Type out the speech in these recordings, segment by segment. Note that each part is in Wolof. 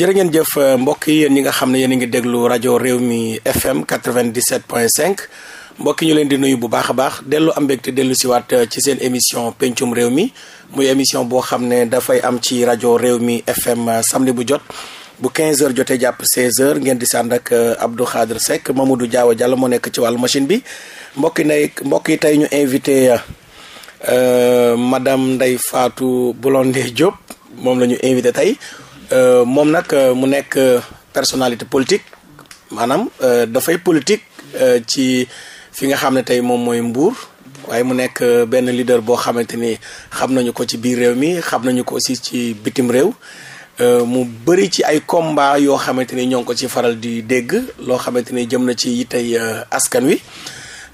jërë ngeen jëf euh, mbokk yi yéen ñi nga xam ne yéen a ngi déglu rajo réew mi FM 97.5 mbokk yi ñu leen di nuyu bu baax a baax dellu am mbégte dellu siwaat euh, ci seen émission pencum réew mi muy émission boo xam ne dafay am ci rajo réew mi FM euh, samedi bu jot. bu 15 heures jotee jàpp 16 heures ngeen di sànd ak Abdou Khadre Seck Mamadou Diawa Diallo moo nekk ci wàllu machine bi mbokk yi nay mbokk yi tey ñu invité madame faatu Fatou Blondin Diop moom la ñu invité tey. Euh, moom nag euh, mu nekk euh, personnalité politique maanaam dafay politique ci fi nga xam ne tey moom mooy Mbour waaye mu nekk benn leader boo xamante ni xam nañu ko ci biir réew mi xam nañu ko aussi ci bitim réew mu bëri ci ay combat yoo xamante ni ñoo ngi ko ci faral di dégg loo xamante ni jëm na ci tey askan wi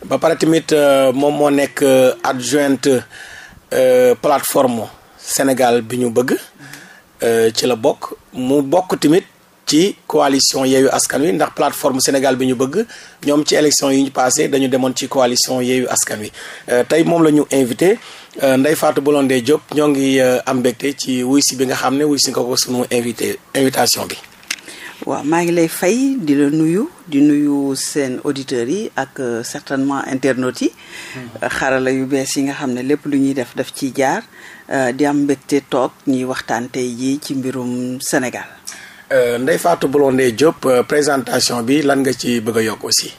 ba pare tamit moom moo nekk adjointe plateforme Sénégal bi ñu bëgg Euh, ci la bokk mu bokk tamit ci coalition yeeyu askan wi ndax plateforme Sénégal bi ñu bëgg ñoom ci élection yi ñu passé dañu demoon ci coalition yeeyu askan wi euh, tey moom la ñu invité euh, Ndeye Fatou Blondin Diop ñoo ngi am mbégte ci wuy bi nga xam ne wuy si nga ko sunu invité invitation bi waaw maa ngi lay fay di la nuyu di nuyu seen auditeurs yi ak certainement internautes yi hmm. xarala yu bees yi nga xam ne lépp lu ñuy def def ci jaar Euh, di am mbégte toog ñuy waxtaante tey jii ci mbirum Sénégal. faatu euh, Fatou Blondin Diop euh, présentation bi lan nga ci bëgg a yokk aussi.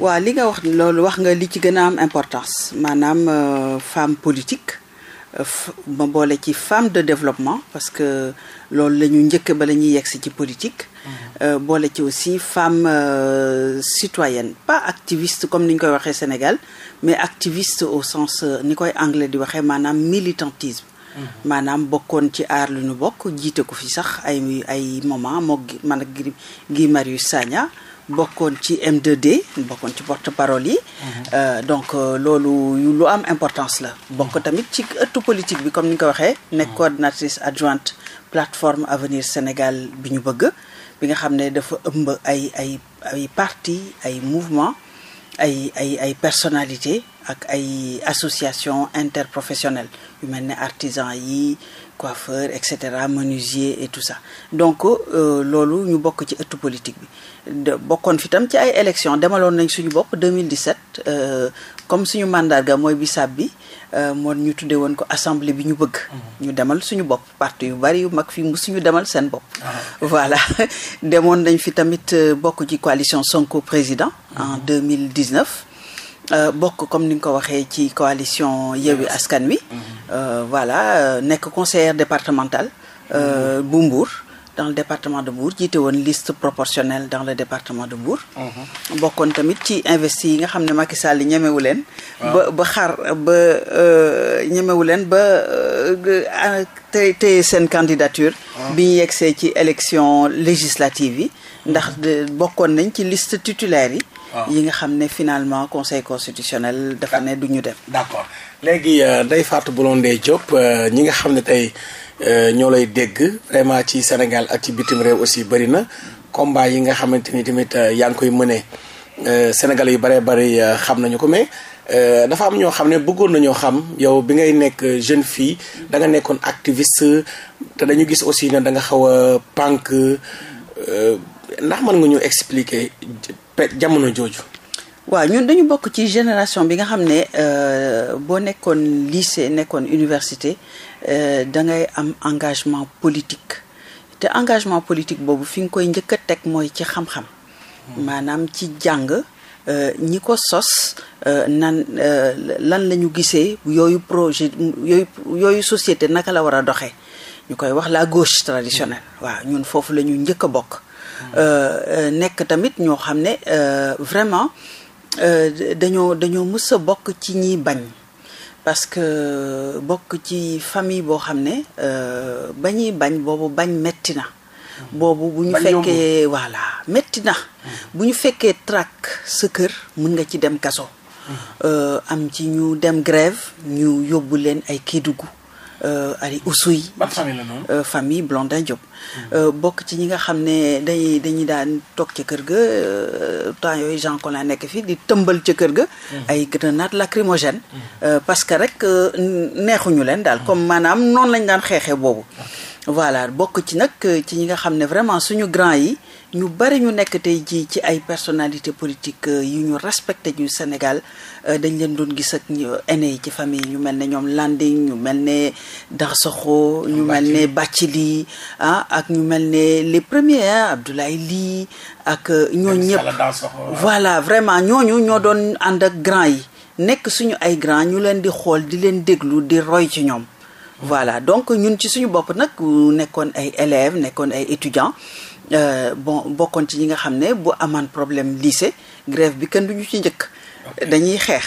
waaw li nga wax loolu wax nga li ci gën a am importance maanaam femme politique. ma boole ci femme de développement parce que loolu la ñu njëkk ba la ñuy yeggsi ci politique. Mhm. Euh, boole ci aussi femme euh, citoyenne pas activiste comme ni ñu koy waxee Sénégal mais activiste au sens euh, ni koy anglais di waxee maanaam militantisme. Mhm. maanaam bokkoon ci aar lu ñu bokk jiite ko fi sax ay ay moment moog man ak Guy Marius Sagna. bokkoon ci m 2 bokkoon ci porte parole yi. Mhm. Euh, donc euh, loolu lu am importance la. bokk mhm. tamit ci ëttu politique bi comme ni nga ko waxee. Mhm. nekk coordinatrice adjointe plateforme avenir Sénégal bi ñu bëgg. bi nga xam ne dafa ëmb ay ay ay parti ay mouvement ay ay ay personnalité ak ay association interprofessionnelle yu mel ni artisan yi coiffeur et cetera menuisier et tout ça donc euh, loolu ñu bokk ci ëttu politique bi. bokkoon fi tam ci ay élections demaloon nañ suñu bopp 2017 euh, comme suñu mandarga mooy bisaab bi euh, moo ñu tuddee woon ko assemblée bi ñu bëgg. Mhm. ñu demal suñu bopp parti yu bari yu mag fii suñu demal seen bopp. Ah voilà demoon nañ fi tamit euh, bokk ci coalition Sonko président. Mhm. en 2019. Euh, bokk comme ni nga ko waxee ci coalition Yewwi Askan Wi. Mhm. voilà nekk conseillère départementale. bu Mbour. dans le département de Mbour jiite woon liste proportionnelle dans le département de Mbour. Mhm. bokkoon tamit ci investi yi nga xam ne Macky Sall ñemewu leen. ba ba xaar ba euh, ñemewu leen ba euh, tey tey seen candidature. Ah. bi ñu yegsee ci élection législative yi. ndax bokkoon nañ ci liste titulaire yi. Ah. yi nga xam ne finalement conseil constitutionnel dafa ne du ñu dem. léegi euh, Ndeye Fatou Blondin Diop euh, ñi nga xam ne tey euh, ñoo lay dégg vraiment ci Sénégal ak ci bitim réew aussi bëri na combat yi nga xamante ni tamit yaa ngi koy mënee Sénégal yu bëree bëri xam nañu ko mais dafa am ñoo xam ne bëggoon nañoo xam yow bi ngay nekk jeune fii danga nekkoon activiste te dañu gis aussi ne da nga xaw a pànk ndax mën nga ñu expliquer jamono jooju. waaw ñun dañu bokk ci génération bi nga xam ne euh, boo nekkoon lycée nekkoon université euh, da ngay am engagement politique te engagement politique boobu fi nga koy njëkk a teg mooy ci xam-xam maanaam ci jàng euh, ñi ko sos nan lan la ñu gisee yooyu projet yooyu société naka la war a doxee ñu koy wax la gauche traditionnelle waaw ñun foofu la ñu njëkk a bokk nekk tamit ñoo xam ne vraiment Euh, dañoo dañoo mës a bokk ci ñiy bañ parce que bokk ci famille boo xam ne euh, ba ñuy bañ boobu bañ metti na boobu bu ñu fekkee voilà metti na mm. bu ñu fekkee track sa kër mun nga ci dem kaso mm. euh, am ci ñu dem grève ñu yóbbu leen ay Kédougou Euh, Ari Oussouy. ban famille la noonu. Euh, famille Blondin Diop. Euh, bokk ci ñi nga xam ne dañuy dañuy daan toog ca kër ga temps yooyu Jean Collin nekk fii di tëmbal ca kër ga. Mm-hmm. ay grenade lacrymogène. Mm-hmm. parce que rek neexuñu leen daal mm-hmm. comme maanaam noonu lañ daan xeexee boobu. voilà bokk ci nag ci ñi nga xam ne vraiment suñu grand yi. ñu bari ñu nekk tey jii ci ay personnalité politique euh, yu ñu respecté ñu Sénégal euh, dañ leen doon gis ak ñu euh, aîné yi ci famille ñu mel ne ñoom Landing ñu mel ne Dansokho ñu mel ne Bathily ah ak ñu mel ne le premier Abdoulaye Ly ak ñoo ñëpp ah. voilà vraiment ñooñu ñoo doon ànd ak grand yi nekk suñu ay grand ñu leen di xool di leen déglu di roy ci ñoom voilà donc ñun ci suñu bopp nag nekkoon ay élèves nekkoon ay étudiants Euh, bon bokkoon ci ñi nga xam ne bu amaan problème lycée grève bi kenn du ñu ci njëkk dañuy xeex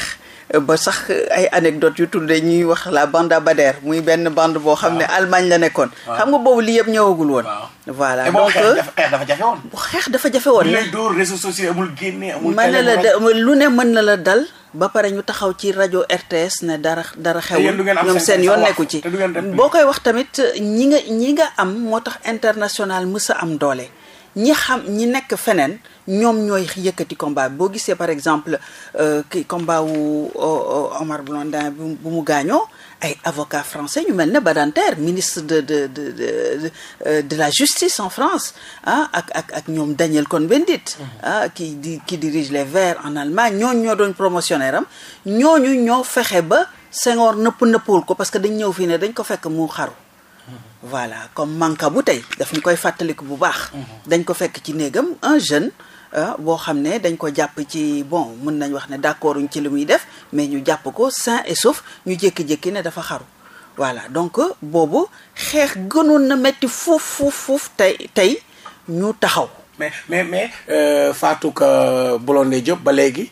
ba sax ay anecdote yu tudde ñuy wax la bande à Bader muy benn bande boo xam ne Allemagne la nekkoon xam nga boobu lii yëpp ñëwagul woon voilà donc xeex dafa jafe woon xeex dafa jafe woon réseaux sociaux amul lu ne mën na la dal ba pare ñu taxaw ci rajo RTS ne dara dara xewul ñoom seen yoon nekku ci boo koy wax tamit ñi nga ñi nga am moo tax international mës am doole ñi xam ñi nekk feneen ñoom ñooy yëkkati combat boo gisee par exemple euh, ki combat wu euh, Omar Blondin bu mu gaañoo ay avocat français ñu mel ne Badinter ministre de de de euh, de la justice en France ah ak ak ak ñoom Daniel Cohn-Bendit mhm. ah qui di qui dirige les Verts en Allemagne ñooñu ñoo doon promotionnaire am ñooñu ñoo fexe ba Senghor nëpp nëppul ko parce que dañ ñëw fii ne dañ ko fekk mu xaru mhm. voilà comme Manka bu tey daf ñu koy fàttaliku bu baax mhm. dañ ko fekk ci néegam un jeune Euh, boo xam ne dañ ko jàpp ci bon mun nañ wax ne d'accorduñ ci li muy def mais ñu jàpp ko sain et sauf ñu jékki-jékki ne dafa xaru voilà donc boobu xeex gënoon na metti fuuf fuuf tey tey ñu taxaw mais mais mais euh, Fatou Ka Blondin ba léegi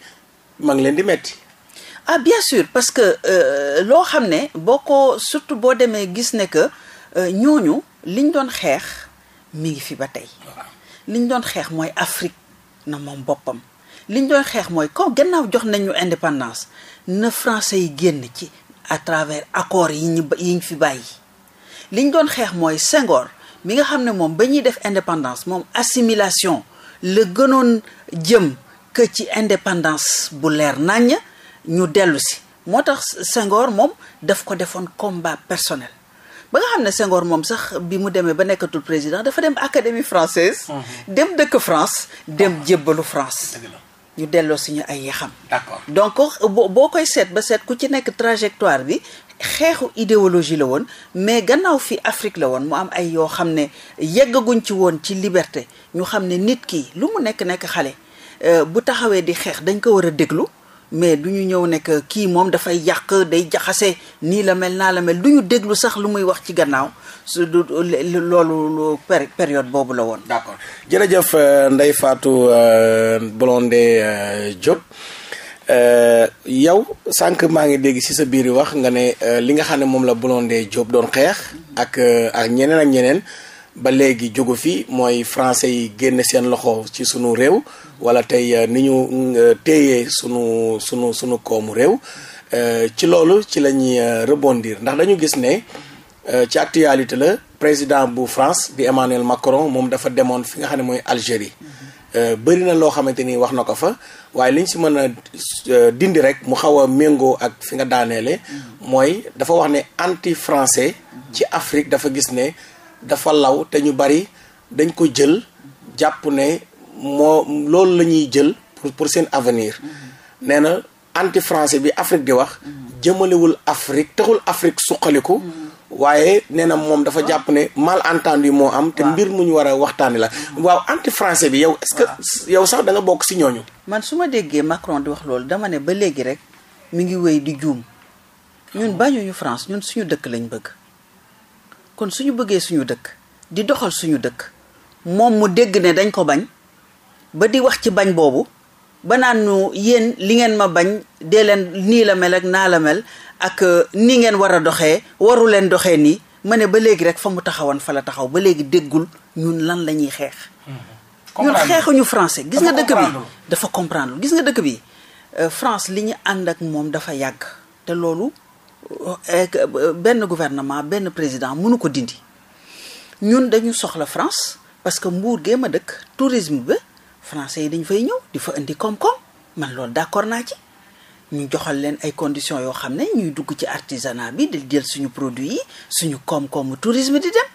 ma ngi leen di metti ah bien sûr parce que euh, loo xam ne boo ko surtout boo demee gis ne que euh, ñooñu euh, liñ doon xeex mi ngi fi ba tey liñ doon xeex mooy Afrique na moom boppam liñ doon xeex mooy ko gannaaw jox nañu indépendance na français yi génn ci à travers accords yi ñu yi fi bàyyi liñ doon xeex mooy Senghor mi nga xam ne moom ba ñuy def indépendance moom assimilation la gënoon jëm que ci indépendance bu leer naññ ñu dellu si moo tax Senghor moom daf ko defoon combat personnel ba nga xam ne Senghor moom sax bi mu demee ba nekkatul président dafa dem académie française mhm. dem dëkk France dem ah. jébbalu France ñu delloo suñu ay yaxam d'accord donc boo koy seet ba seet ku ci nekk trajectoire bi xeexu idéologie la woon mais gannaaw fi Afrique la woon mu am ay yoo xam ne yeggaguñ ci woon ci liberté ñu xam ne nit ki lu mu nekk nekk xale euh, bu taxawee di xeex dañ ko war a déglu mais du ñu ñëw ne kii moom dafay yàq day jaxase nii la mel naa la mel du ñu déglu sax lu muy wax ci gannaaw su du loolu période boobu la woon. d'accord jërëjëf euh, Ndeye Fatou euh, Blondin euh, Diop yow sànq maa ngi dégg ci sa biir wax nga ne li nga xam ne moom la Blondin Diop doon xeex ak ak ñeneen ak ñeneen. ba léegi jógu fi mooy français yi génne seen loxo ci sunu réew wala tey euh, ni ñu euh, téyee sunu sunu sunu koomu réew euh, ci loolu ci la ñuy rebondir ndax dañu gis ne ci actualité la président bu France di Emmanuel Macron moom dafa demoon fi nga xam ne mooy Algérie bëri na loo xamante ni wax na ko fa waaye liñ si mën a dindi rek mu xaw a méngoo ak fi nga daaneele mooy dafa wax ne anti français ci Afrique dafa gis ne dafa law te ñu bari dañ ko jël jàpp ne moo loolu la ñuy jël pour pour seen avenir mm-hmm. nee na anti français bi Afrique di wax mm-hmm. jëmalewul Afrique taxul Afrique suqaliku mm-hmm. waaye nee na moom dafa jàpp ne malentendu moo am te mbir mu ñu war a waxtaani la waaw anti français bi yow est-ce que yow sax da bokk si ñooñu man su ma déggee Macron di wax loolu dama ne ba léegi rek mi ngi wéy di juum ñun bañuñu France ñun suñu dëkk lañ bëgg kon suñu bëggee suñu dëkk di doxal suñu dëkk moom mu dégg ne dañ ko bañ ba di wax ci bañ boobu ba naan ñu yéen li ngeen ma bañ dee leen nii la mel ak naa la mel ak euh, nii ngeen war a doxee waru leen doxee nii ma ne ba léegi rek fa mu taxawoon fa la taxaw ba léegi déggul ñun lan la ñuy xeex. ñun xeexuñu français gis nga dëkk bi dafa comprendre gis nga dëkk bi euh, France li ñu ànd ak moom dafa yàgg te loolu. benn gouvernement benn président mënu ko dindi ñun dañu soxla France parce que mbuur géem a dëkk tourisme bi français yi dañ fay ñëw di fa indi koom-koom man loolu d'accord naa ci ñu joxal leen ay conditions yoo xam ne ñuy dugg ci artisanat bi di jël suñu produit yi suñu koom-koomu tourisme di dem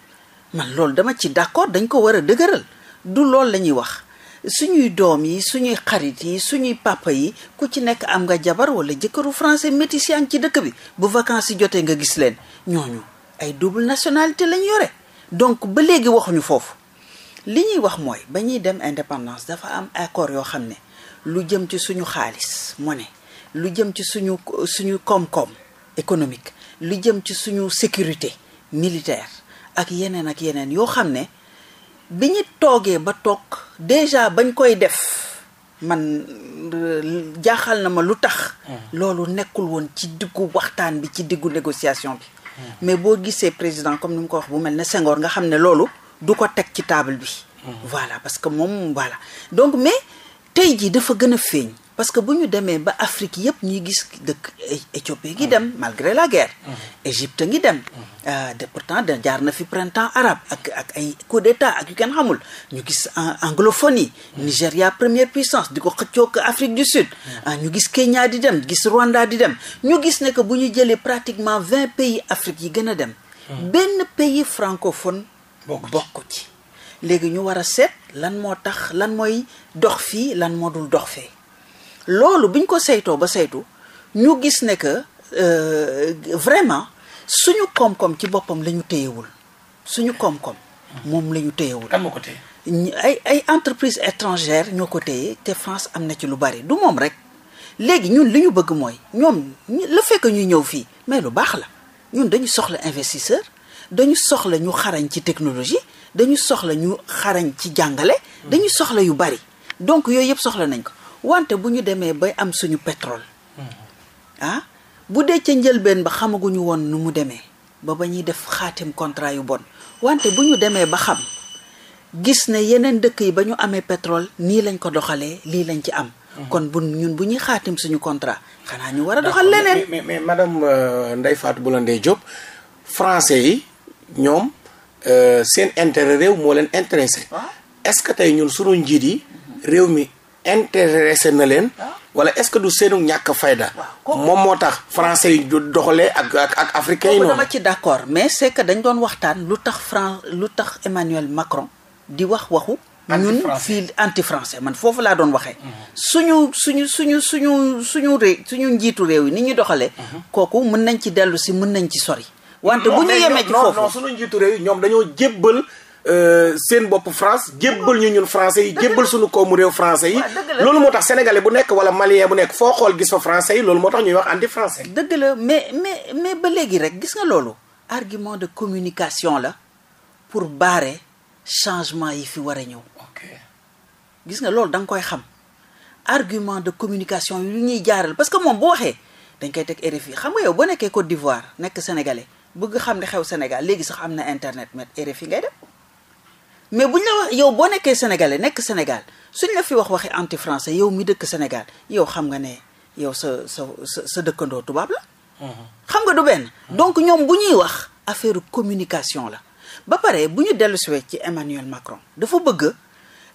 man loolu dama ci d'accord dañ ko war a dëgëral du loolu la ñuy wax suñuy doom yi suñuy xarit yi suñuy papa yi ku ci nekk am nga jabar wala jëkkëru français métis ci dëkk bi bu vacances yi jotee nga gis leen ñooñu ay double nationalité lañ yore donc ba léegi waxuñu foofu li ñuy wax mooy ba ñuy dem indépendance dafa am accord yoo xam ne lu jëm ci suñu xaalis ne lu jëm ci suñu suñu koom-koom économique lu jëm ci suñu sécurité militaire ak yeneen ak yeneen yoo xam ne bi ñu toogee ba toog déjà bañ koy def man euh, jaaxal na ma lu tax. Mmh. loolu nekkul woon ci diggu waxtaan bi ci diggu négociation bi. Mmh. mais boo gisee président comme ni mu ko wax bu mel ne sengoor nga xam ne loolu du ko teg ci table bi. Mmh. voilà parce que moom voilà donc mais tey jii dafa gën a feeñ. parce que bu ñu demee ba Afrique yëpp ñuy gis dëkk Éthiopie ngi dem malgré la guerre mmh. Égypte ngi dem mmh. euh, de pourtant da jaar na fi printemps arabe ak ak ay coup d'état ak yu kenn xamul ñu gis euh, anglophonie mmh. Nigéria première puissance di ko xëccook Afrique du Sud euh, ñu gis Kenya di dem gis Rwanda di dem ñu gis ne que bu ñu jëlee pratiquement vingt pays Afrique yi gën a dem benn pays francophone bokk ci léegi ñu war a seet lan moo tax lan mooy dox fii lan moo dul dox fee loolu bi ñu ko saytoo ba saytu ñu gis ne que euh, vraiment suñu koom-koom ci boppam la ñu téyewul suñu koom-koom moom la ñu téyewul kan moo ko ay ay entreprise étrangère ñoo ko téye te France am na ci lu bari du moom rek léegi ñun li ñu bëgg mooy ñoom la fekk ñuy ñëw fii mais lu baax la ñun dañu soxla investisseur dañu soxla ñu xarañ ci technologie dañu soxla ñu xarañ ci jàngale dañu soxla yu bari donc yooyu yëpp soxla nañ ko wante bu ñu demee bay am suñu petrole mm-hmm. ah bu dee ca njëlbeen ba xamaguñu woon nu mu demee ba ba ñuy def xaatim contrat yu bon wante bu ñu demee ba xam gis ne yeneen dëkk yi ba ñu amee petrole nii lañ ko doxalee lii lañ ci am mm-hmm. kon bu ñun bu ñuy xaatim suñu contrat xanaa ñu war a doxal leneen mais mais madame bu la Blondin Diop français yi ñoom euh, seen intérêt réew moo leen intéressé ah. est-ce que tey ñun suñu njiit yi réew mi intéressé na leen. wala est-ce que du seenu ñàkk fayda. moom moo tax francais yi doxalee ak ak ak africain yi noonu. dama ci d'accord mais c'est que doon waxtaan lu tax Fran lu tax Emmanuel Macron di wax waxu. ñun fii anti français man foofu laa doon waxee. suñu suñu suñu suñu suñu suñu njiitu réew yi ñuy doxalee. Uh-huh. kooku mën nañ ci dellu si mën nañ ci sori. wante bu ñu yemee ci foofu non non njiitu réew yi ñoom dañoo jébbal. Euh, seen bopp France jébbal ñu ñun france yi jébbal suñu mu réew français yi loolu moo tax sénégalais bu nekk wala malien bu nekk foo xool gis fa français yi loolu moo tax ñuy wax anti français dëgg la mais mais mais ba léegi rek gis nga loolu argument de communication la pour barrer changement yi fi war a ñëw nga loolu da nga koy xam argument de communication yu ñuy jaaral parce que moom bu waxee dañ koy teg RFI xam nga yow ba nekkee Côte d'Ivoire nekk sénégale bëgg xam ne xew Sénégal léegi sax am na internet mais RFI ngay dem mais buñ la wax yow boo nekkee sénégalais nekk Sénégal suñ la fi wax waxi anti francais yow mi dëkk Sénégal yow xam nga ne yow sa sa sa sa dëkkandoo tubaab la. Mhm. xam nga du benn. donc ñoom bu ñuy wax affaire communication la ba pare bu ñu dellu siwee ci Emmanuel Macron dafa bëgg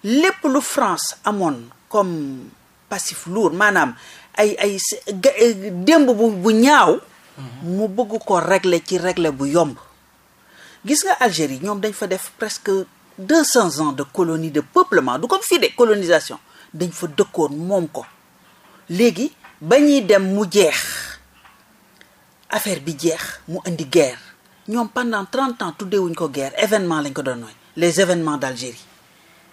lépp lu France amoon comme passif lourd maanaam ay ay démb bu ñaaw. Mhm. mu bëgg ko régler ci regle bu yomb. gis nga Algérie ñoom dañ fa def presque. deux cents ans de colonie de peuplement du comme fii de colonisation dañ fa dëkkoon moom ko léegi ba ñuy dem mu jeex affaire bi jeex mu indi ger ñoom pendant trente ans tuddeewuñ ko guerre événement lañ ko doon nooy les événements d'Algérie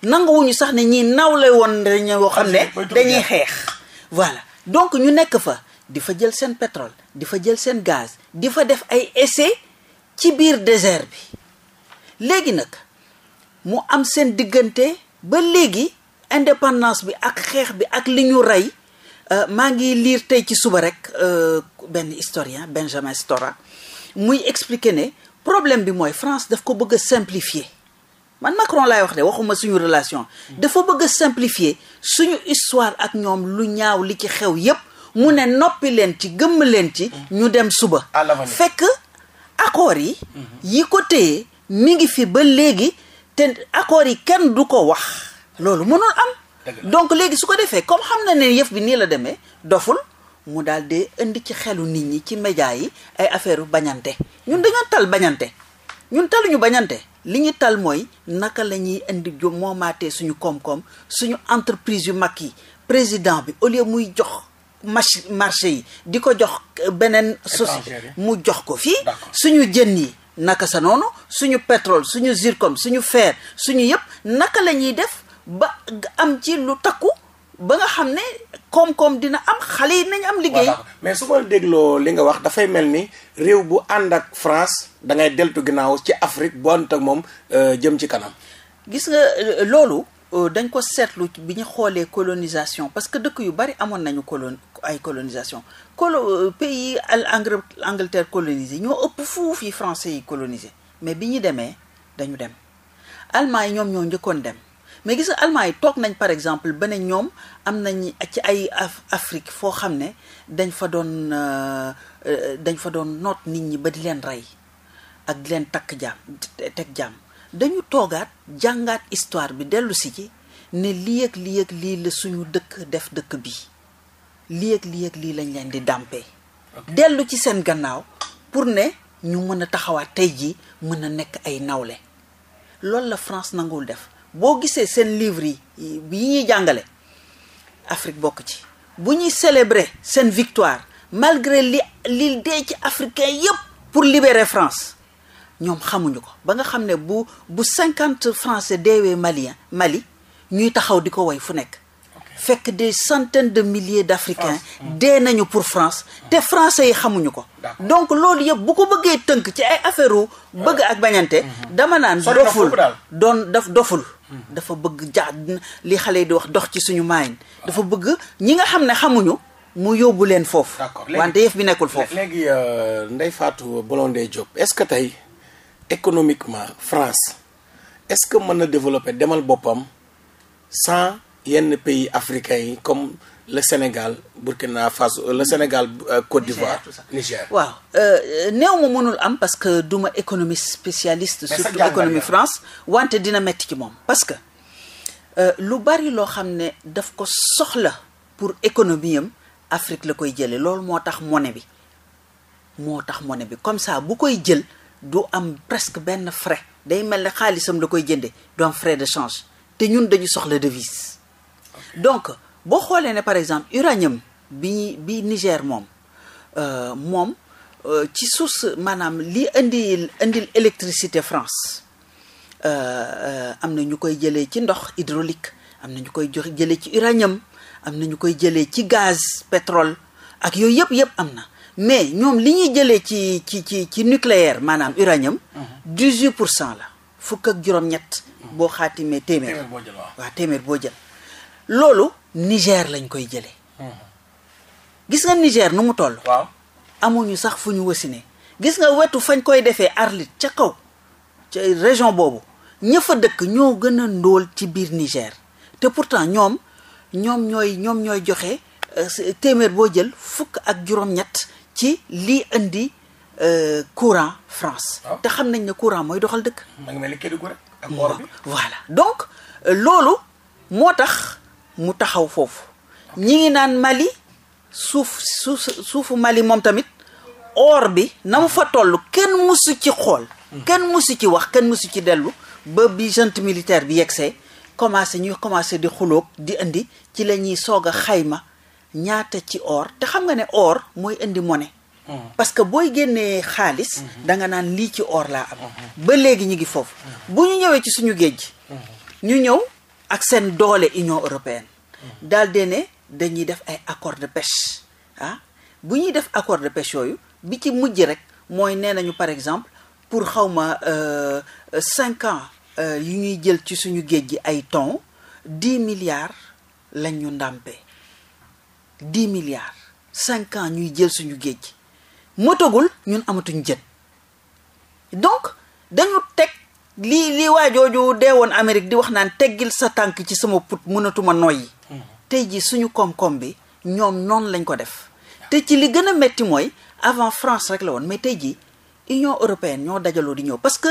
nanguwuñu sax ne ñii nawle woon dañoo xam ne dañuy xeex voilà donc ñu nekk fa di fa jël seen pétrole di fa jël seen gaz di fa def ay essais ci biir désert bi léegi nag mu am seen diggante ba léegi indépendance bi ak xeex bi ak li ñu rey euh, maa ngi liir tey ci suba rek euh, benn historien Benjamin Stora muy expliquer ne problème bi mooy France daf ko bëgg a man Macron lay wax de waxuma suñu relation dafa bëgg a simplifier suñu histoire ak ñoom lu ñaaw li ci xew yépp mu ne noppi leen ci gëmm leen ci ñu dem suba fekk accords yi yi ko téye mi ngi fi ba léegi te accords yi kenn du ko wax loolu mënul am donc léegi su ko defee comme xam na ne yëf bi nii la demee doful mu daal di indi ci xelu nit ñi ci média yi ay affaire bañante ñun dañoo tal bañante ñun talu ñu bañante li ñu tal mooy naka la ñuy indi jo moomaatee suñu koom-koom suñu entreprise yu mag yi président bi au lieu muy jox marché marché yi di ko jox euh, beneen sosi mu jox ko fii suñu jën yi naka sa noonu suñu petrole suñu zircon suñu fer suñu yëpp naka lañuy def ba am ci lu takku ba nga xam ne koom-koom dina am xale yi nañ am liggéey. mais su ma dégloo li nga wax dafay mel ni réew bu ànd ak France da ngay deltu ginnaaw ci Afrique bu ànd ak moom euh, jëm ci kanam. gis nga euh, loolu Euh, dañ ko seetlu bi ñu xoolee colonisation parce que dëkk yu bari amoon nañu colon ay colonisation colo euh, pays al Angleterre colonisé ñoo ëpp fuuf yi français yi colonisé mais bi ñu demee dañu dem allemand yi ñoom ñoo njëkkoon dem mais gis nga allemand yi toog nañ par exemple beneen ñoom am nañ ci ay Afrique foo xam ne dañ fa doon euh, dañ fa doon noot nit ñi ba di leen rey ak leen takk jaam teg jaam dañu toogaat jàngaat histoire bi dellusi si ci ne lii ak lii lii suñu dëkk def dëkk bi lii ak lii lañ leen di dàmpee dellu ci seen gannaaw pour ne ñu mën a taxawaat tey jii mën a nekk ay nawle loolu la France nanguwul def boo gisee seen livre yi yi ñuy jàngale Afrique bokk ci bu ñuy célébrer seen victoire malgré li li dee ci africain yépp pour libérer France ñoom xamuñu ko ba nga xam ne bu bu cinquante français deewee malien Mali ñuy taxaw di ko woy fu nekk fekk des centaines de milliers d'Africains hmm. dee nañu pour France hmm. te français yi xamuñu ko donc loolu yëpp bu ko bëggee tënk ci ay affaire wu euh, bëgg ak bañante hmm, dama naan doful doon daf doful dafa bëgg ja li xale yi di wax dox ci suñu maayin ah. dafa bëgg ñi nga xam ne xamuñu mu yóbbu leen foofu wante yëf bi nekkul foofu léegi euh, Ndeye Fatou Blondin Diop est-ce que tey économiquement France est-ce que mën na développer demal boppam sans yenn pays africains yi comme la Sénégal Burkina Faso euh, le Sénégal euh, Côte d'Ivoire Niger waaw euh, néew ma mënul am parce que duma économiste spécialiste surtout économie France wante dina metti ci moom parce que lu bari loo xam ne daf ko soxla pour économie am Afrique la koy jële loolu moo tax monnaie bi moo tax mone bi comme ça bu koy jël du am presque benn frais day mel ne xaalisam la koy jënde du am frais de change te ñun dañu soxla devise donc boo xoolee ne par exemple uranium bi bi Niger moom euh, moom euh, ci source maanaam li indi indil électricité France euh, am na ñu koy jëlee ci ndox hydraulique am na ñu koy jox jëlee ci uranium am na ñu koy jëlee ci gaz pétrole ak yooyu yëpp yëpp am na mais ñoom li ñuy jëlee ci ci ci ci nucléaire maanaam uranium. Uh-huh. pour cent la fukk ak juróom-ñett. Uh-huh. boo xaatimee téeméer boo jël waaw téeméer boo jël. loolu Niger lañ koy jëlee. Uh-huh. gis nga Niger nu mu toll. amuñu sax fu ñu wasine gis nga wetu fañ koy defee Arlit ca kaw ca région boobu ñëfa dëkk ñoo gën a ndóol ci biir Niger te pourtant ñoom ñoom ñooy ñoom ñooy joxe euh, téeméer boo jël fukk ak juróom-ñett ci lii indi euh, courant France. Ah. te xam nañ ne courant mooy doxal dëkk. ma ngi mel ni Kédougou rek ak voilà donc euh, loolu moo tax mu taxaw foofu ñi ngi naan Mali suuf suuf suufu Mali moom tamit or bi na mu fa toll kenn musu ci xool. Hmm. kenn musu ci wax kenn musu ci dellu ba bi junte militaire bi yegsee commencé ñuy commencé di xuloog di indi ci la ñuy soog a xayma. ñaata ci or te xam nga ne or mooy indi mone hmm. parce que booy génnee xaalis. Hmm. danga naan lii ci or laa am. Hmm. ba léegi ñu ngi foofu. bu ñu ñëwee ci suñu géej gi. ñu ñëw ak seen doole Union européenne. daal de ne dañuy def ay accord de pêche ah bu ñuy def accord de pêche yooyu bi ci mujj rek mooy nee nañu par exemple pour xawma euh, cinq ans euh, yu ñuy jël ci suñu géej gi ay ton dix milliards lañ ñu ndàmpe dix milliards cinq ans ñuy jël suñu géej gi motagul ñun amatuñ jën donc dañu teg lii lii waa jooju dee woon Amérique di wax naan teggil sa tànk ci sama put mënatuma noyyi mm-hmm. tey ji suñu koom-koom bi ñoom noon lañ ko def te ci li gën a metti mooy avant France rek la woon mais tey ji Union européenne ñoo dajaloo di ñëw parce que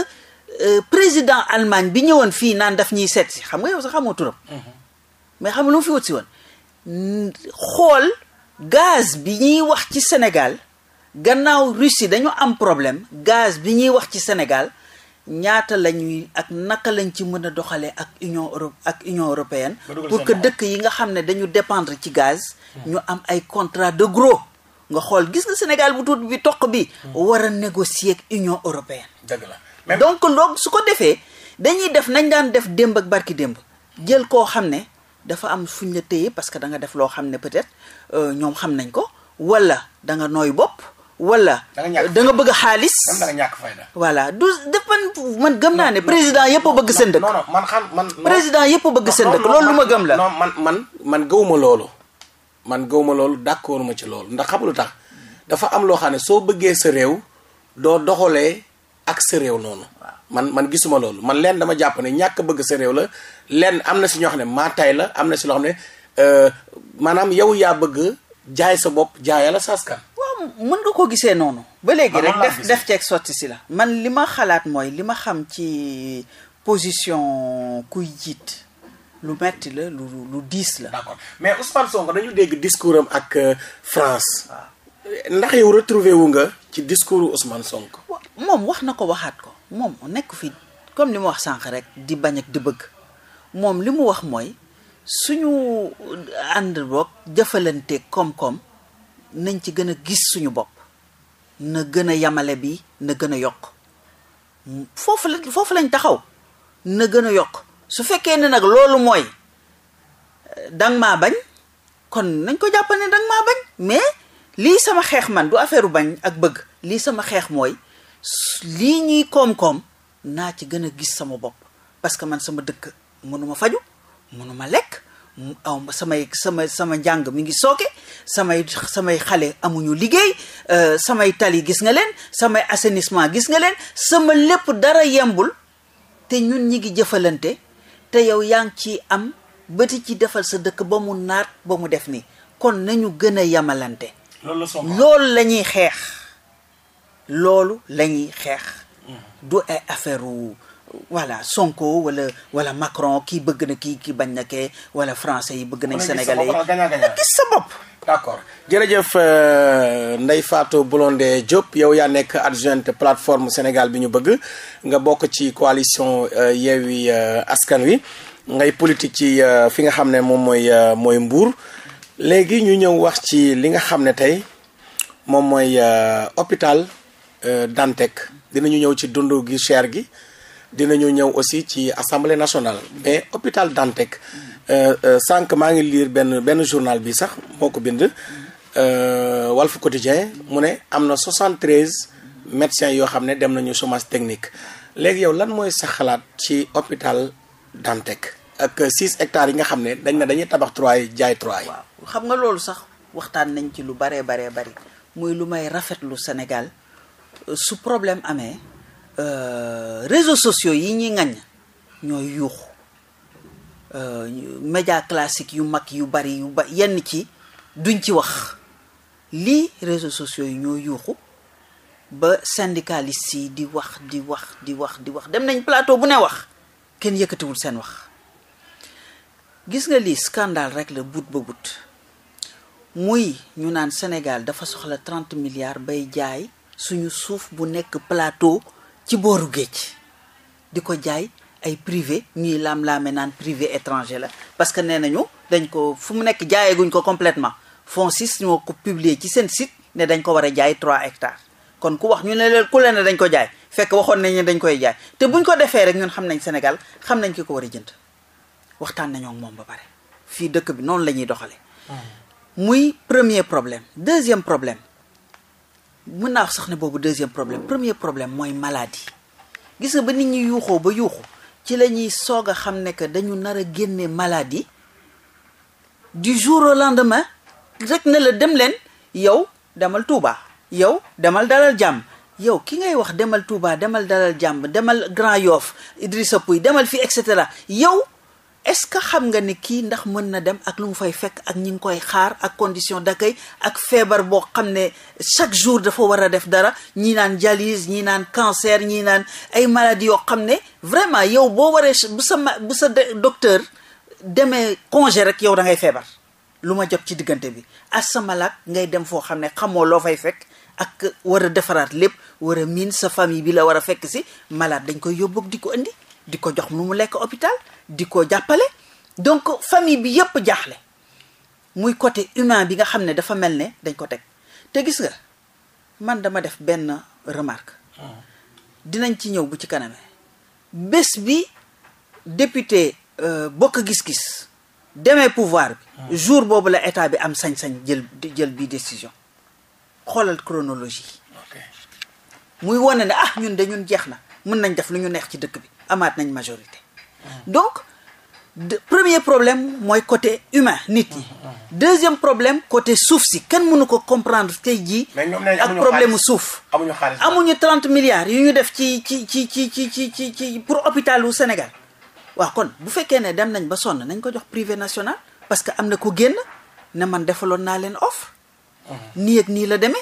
euh, président Allemagne bi ñëwoon fii naan daf ñuy seet si xam nga yow sa xamoo turam mm-hmm. mais xam lu mu fi wut si woon xool gaz bi ñuy wax ci Sénégal gannaaw Russie dañu am problème gaz bi ñuy wax ci Sénégal ñaata la ñuy ak naka lañ ci mën a doxalee ak union ak union européenne pour que dëkk yi nga xam ne dañu dépendre ci gaz ñu am ay contrat de gros nga xool gis nga Sénégal bu tuut bi toq bi war a négocier ak union européenne dëgg la donc loolu su ko defee dañuy def nañ daan def démb ak barki démb jël koo xam ne dafa am fuñ la téye parce que danga def loo xam ne peut-être euh, ñoom xam nañ ko wala da nga nooy bopp wala da nga bëgg xaalis da nga ñàkk fayda voilà du defan man gëm naa ne président yëpp a bëgg seen dëkk non man xam man président yëpp a bëgg seen dëkk loolu lu ma gëm la man man man gëwuma loolu man gëwuma loolu d'accord ma ci loolu ndax xam lu tax dafa am loo xam ne soo bëggee sa réew doo doxalee ak sa réew noonu. man man gisuma loolu man leen dama jàpp ne ñàkk bëgg sa réew la lenn am na si ñoo xam ne maa tay la am na si loo xam ne euh, maanaam yow yaa bëgg jaay sa bopp jaayala la waaw mën nga ko gisee noonu. ba léegi rek def def ceeg si la. man li ma xalaat mooy li ma xam ci position kuy jiit. lu metti la lu lu diis la. d'accord mais Ousmane Sonko dañu dégg discours am ak euh, France. ndax yow retrouver wu nga. ci discours Ousmane sonk moom wax na ko waxaat ko moom nekk fi comme li mu wax sànq rek di bañ ak di bëgg moom li mu wax mooy suñu ànd boog jëfalante koom-koom nañ ci gën a gis suñu bopp na gën a yamale bi na gën a yokk foofu foofu lañ taxaw na gën a yokk su fekkee ne nag loolu mooy dang maa bañ kon nañ ko jàpp ne dang maa bañ mais lii sama xeex man du affaire bañ ak bëgg lii sama xeex mooy lii ñuy koom-koom naa ci gën a gis sama bopp parce que man sama dëkk mënuma faju mënuma lekk aw samay sama sama njàng mi ngi sooke samay samay xale amuñu liggéey euh, samay tali gis nga leen samay assainissement gis nga leen sama lépp dara yembul te ñun ñi ngi jëfalante te yow yaa ngi ci am bëti ci defal sa dëkk ba mu naat ba mu def nii kon nañu gën a yemalante loolu la ñuy xeex loolu la ñuy xeex du ay affaire wu voilà Sonko wala wala Macron kii bëgg na kii kii bañ na ke wala français yi bëgg nañu sénégalais yi nga gis sa bopp d'accord jërëjëf euh, Ndeye Fatou Blondin Diop yow yaa nekk adjointe plateforme Sénégal bi ñu bëgg nga bokk ci coalition euh, Yewwi euh, Askan Wi ngay politique ci fi nga xam ne moom mooy mooy mbuur léegi ñu ñëw wax ci li nga xam ne tey moom mooy euh, hôpital euh, Dantec dinañu ñëw ci dundu gi cher gi dinañu ñëw aussi ci assemblée national mais hôpital Dantec euh, sànq maa ngi liir benn benn journal bi sax moo ko bind Walf Quotidien mu ne am na 73 médecins yoo xam ne dem nañu chômage technique léegi yow lan mooy sa xalaat ci hôpital Dantec ak 6 hectares yi nga xam ne dañ na dañuy tabax 3 yi jaay 3 xam nga loolu sax waxtaan nañ ci lu baree baree bari muy lu may rafetlu senegal euh, su problème amee euh, réseaux sociaux yi ñuy ŋaññ ñooy yuuxu euh, média classique yu mag yu bari yu ba yenn ci duñ ci wax lii réseaux sociaux yi ñoo yuuxu ba syndicalistes yi di wax di wax di wax di wax dem nañ plateau bu ne wax kenn yëkkatiwul seen wax gis nga lii scandale rek la but ba but muy ñu naan Sénégal dafa soxla trente milliards bay jaay suñu suuf bu nekk plateau ci booru géej di ko jaay ay privé ñuy laam-laame naan privé étranger la parce que nee nañu dañ ko fu mu nekk jaayeeguñ ko complètement FONSIS ñoo ko publier ci seen site ne dañ ko war a jaay trois hectares kon ku wax ñu ne leen ku leen ne dañ ko jaay fekk waxoon nañ ne dañ koy jaay te buñ ko defee rek ñun xam nañ Sénégal xam nañ ki ko war a jënd waxtaan nañoo moom ba pare fii dëkk bi noonu la ñuy doxalee. Hmm. muy premier problème deuxième problème mën naa sax ne boobu deuxième problème premier problème mooy maladie gis nga ba nit ñi yuuxoo ba yuuxu ci la ñuy soog a xam ne que dañu nar a génne maladie du jour au lendemain rek na la dem leen yow demal Touba yow demal dalal jàmm yow ki ngay wax demal Touba demal dalal jàmm demal Grand Yoff Idrissa Pouye demal fi et cetera yow est-ce que xam nga ni kii ndax mën na dem ak lu mu fay fekk ak ñi ngi koy xaar ak condition d'accueil ak feebar boo xam ne chaque jour dafa war a def dara ñii naan dialyse ñii naan cancer ñii naan ay maladies yoo xam ne vraiment yow boo waree bu sa ma bu demee congé rek yow da feebar lu ma jot ci diggante bi asamalaak ngay dem foo xam ne xamoo loo fay fekk ak war a defaraat lépp war a miin sa famille bi la war a fekk si malade dañ koy yóbbu di ko indi di ko jox lu lekk hôpital di ko jàppale donc famille bi yëpp jaaxle muy côté humain bi nga xam ne dafa mel ne dañ ko teg te gis nga man dama def benn remarque ah. dinañ ci ñëw bu ci kaname bés bi député euh, bokk gis-gis demee pouvoir bi ah. jour boobu la état bi am sañ-sañ jël jël bii décision xoolal chronologie muy wane ne ah ñun de ñun jeex na mun nañ def lu ñu neex ci dëkk bi amaat nañ majorité donc de, premier problème mooy côté humain nit ñi. Ah, ah. deuxième problème côté suuf si kenn mënu ko comprendre tey jii. ak problème suuf. amuñu xaalis amuñu trente milliards yu ñu def ci ci ci ci ci ci ci pour hôpital wu Sénégal. waaw kon bu fekkee ne dem nañ ba sonn nañ ko jox privé national parce que am na ko génn ne man defaloon naa leen offre. Ah. nii ak nii la demee.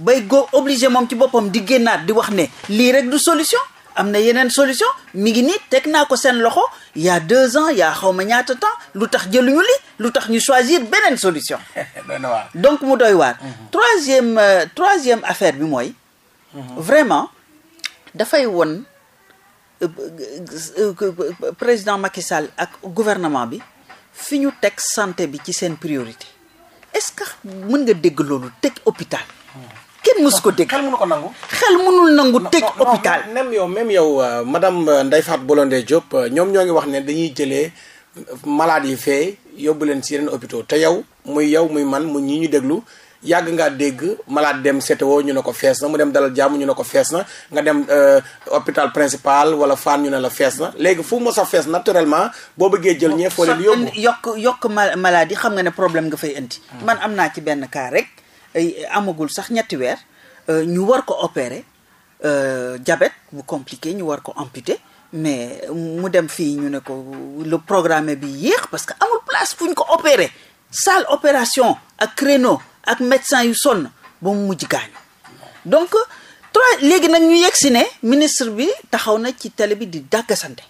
bay go obligé moom ci boppam di génnaat di wax ne lii rek du solution. am na yeneen solution mi ngi nii teg naa ko seen loxo il deux ans il y xaw ma ñaata temps lu tax jëluñu li lu tax ñu choisir beneen solution donc mu doy waar mhm. troisième euh, troisième affaire bi mooy mhm. vraiment dafay won euh, euh, président Macky ak gouvernement bi fi ñu teg santé bi ci seen priorité est-ce que mën nga dégg loolu teg hôpital mhm. kenn mësu ko dégg. xel mënu ko nangu. xel mënul nangu teg hôpital. même yow même yow euh, madame euh, Ndeye Fatou Bolondé Diop euh, ñoom ñoo ngi wax ne dañuy jëlee malade yi fee yóbbu leen si yeneen hôpitaux te yow muy yow muy man mu ñi ñu déglu. yàgg ngaa dégg malade dem CTO ñu ne ko fees na mu dem dalal jàmm ñu ne ko fees na nga dem hôpital principal wala fan ñu ne la fees na léegi fu mu fees naturellement boo bëggee jël ñee foo leen yóbbu yokk yokk yi xam nga ne problème nga fay indi ah. man am naa ci benn kaar rek amagul sax ñetti weer euh, ñu war ko opérer euh, diabète bu compliqué ñu war ko amputé mais mu dem fii ñu ne ko le programme bi yéex parce que amul place fu ñu ko opérer salle opération ak créneau ak médecin yu sonn ba mu mujj gaañu donc trois léegi nag ñu yegg si ne ministre bi taxaw na ci télé bi di dàggasante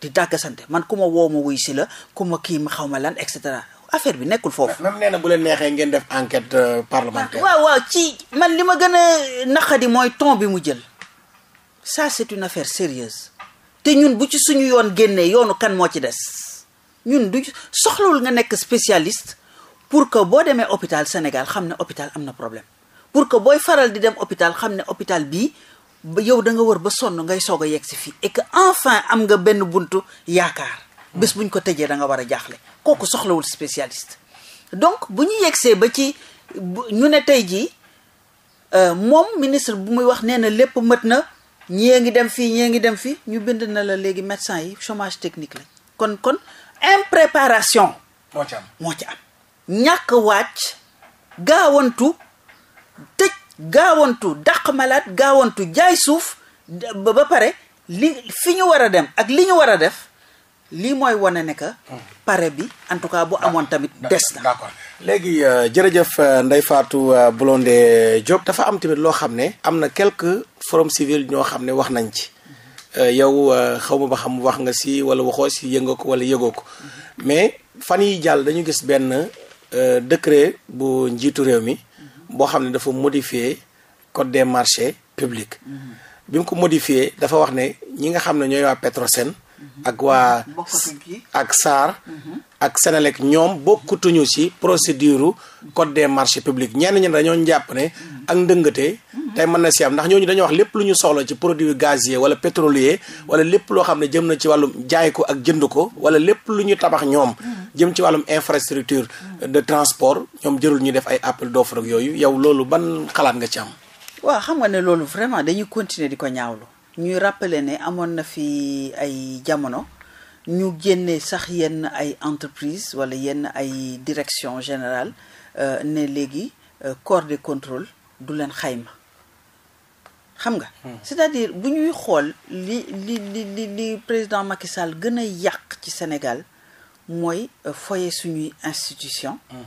di dàggasante man ku ma woo ma wuy si la ku kii ma xaw ma lan et cetera affaire bi nekkul foofu. même nee na bu leen neexee ngeen def enquête euh, parlementaire. waaw waaw ci man li ma gën a naqadi mooy ton bi mu jël ça c'est une affaire sérieuse te ñun bu ci suñu yoon génnee yoonu kan moo ci des ñun du soxlawul nga nekk spécialiste pour que boo demee hôpital Sénégal xam ne hôpital am na problème pour que booy faral di dem hôpital xam ne hôpital bii. ba yow da nga wër ba sonn ngay soog a yegg si fii et que enfin am nga benn buntu yaakaar bés buñ ko tëjee da nga war a jaaxle kooku soxlawul spécialiste donc bu ñu yegsee ba ci ñu ne tey jii euh, moom ministre bu muy wax nee na lépp mët na ñee ngi dem fii ñii ngi dem fii ñu bind na la léegi médecin yi chômage technique lañ kon kon impréparation moo moo ci am ñàkk wàcc gaawantu tëj gaawantu daq malaat gaawantu jaay suuf ba ba pare li fi ñu war a dem ak li ñu war a def lii mooy wane ne que. Hmm. pare bi en tout cas bu amoon tamit des na. d'accord léegi euh, jërëjëf euh, Ndeye Fatou euh, Blondin Diop. dafa am tamit loo xam ne. am na quelques forums civils ñoo xam ne wax nañ ci. Hmm. yow xaw ma ba xam wax nga si wala waxoo si yëngoo ko wala yëgoo ko hmm. mais fan yi jàll dañu gis benn décret bu njiitu réew mi. boo xam ne dafa modifier code des marché publics. bi mu ko modifier dafa wax ne ñi nga xam ne ñooy waa Petrosen. ak waa ak SAR ak Sénélec ñoom bokkutuñu ci procédure code des marchés publics ñenn ñi dañoo jàpp ne ak ndëngate tey mën na si am ndax ñooñu dañoo wax lépp lu ñu soxla ci produit gaz gazier wala pétrolier wala lépp loo xam ne jëm na ci wàllum jaay ko ak jënd ko wala lépp lu ñu tabax ñoom jëm ci wàllum infrastructure de transport ñoom jëlul ñu def ay appel d'offre ak yooyu yow loolu ban xalaat nga ci am. waa xam nga ne loolu vraiment dañuy continuer di ko ñaawlu. ñuy rappeler ne amoon na fi ay jamono ñu génne sax yenn ay entreprise wala yenn ay direction générale euh, ne léegi euh, corps de contrôle du leen xayma xam nga. Hmm. c'est-à-dire bu ñuy xool li li li li président Macky Sall gën a yàq ci Sénégal mooy euh, foye suñuy institution. Hmm.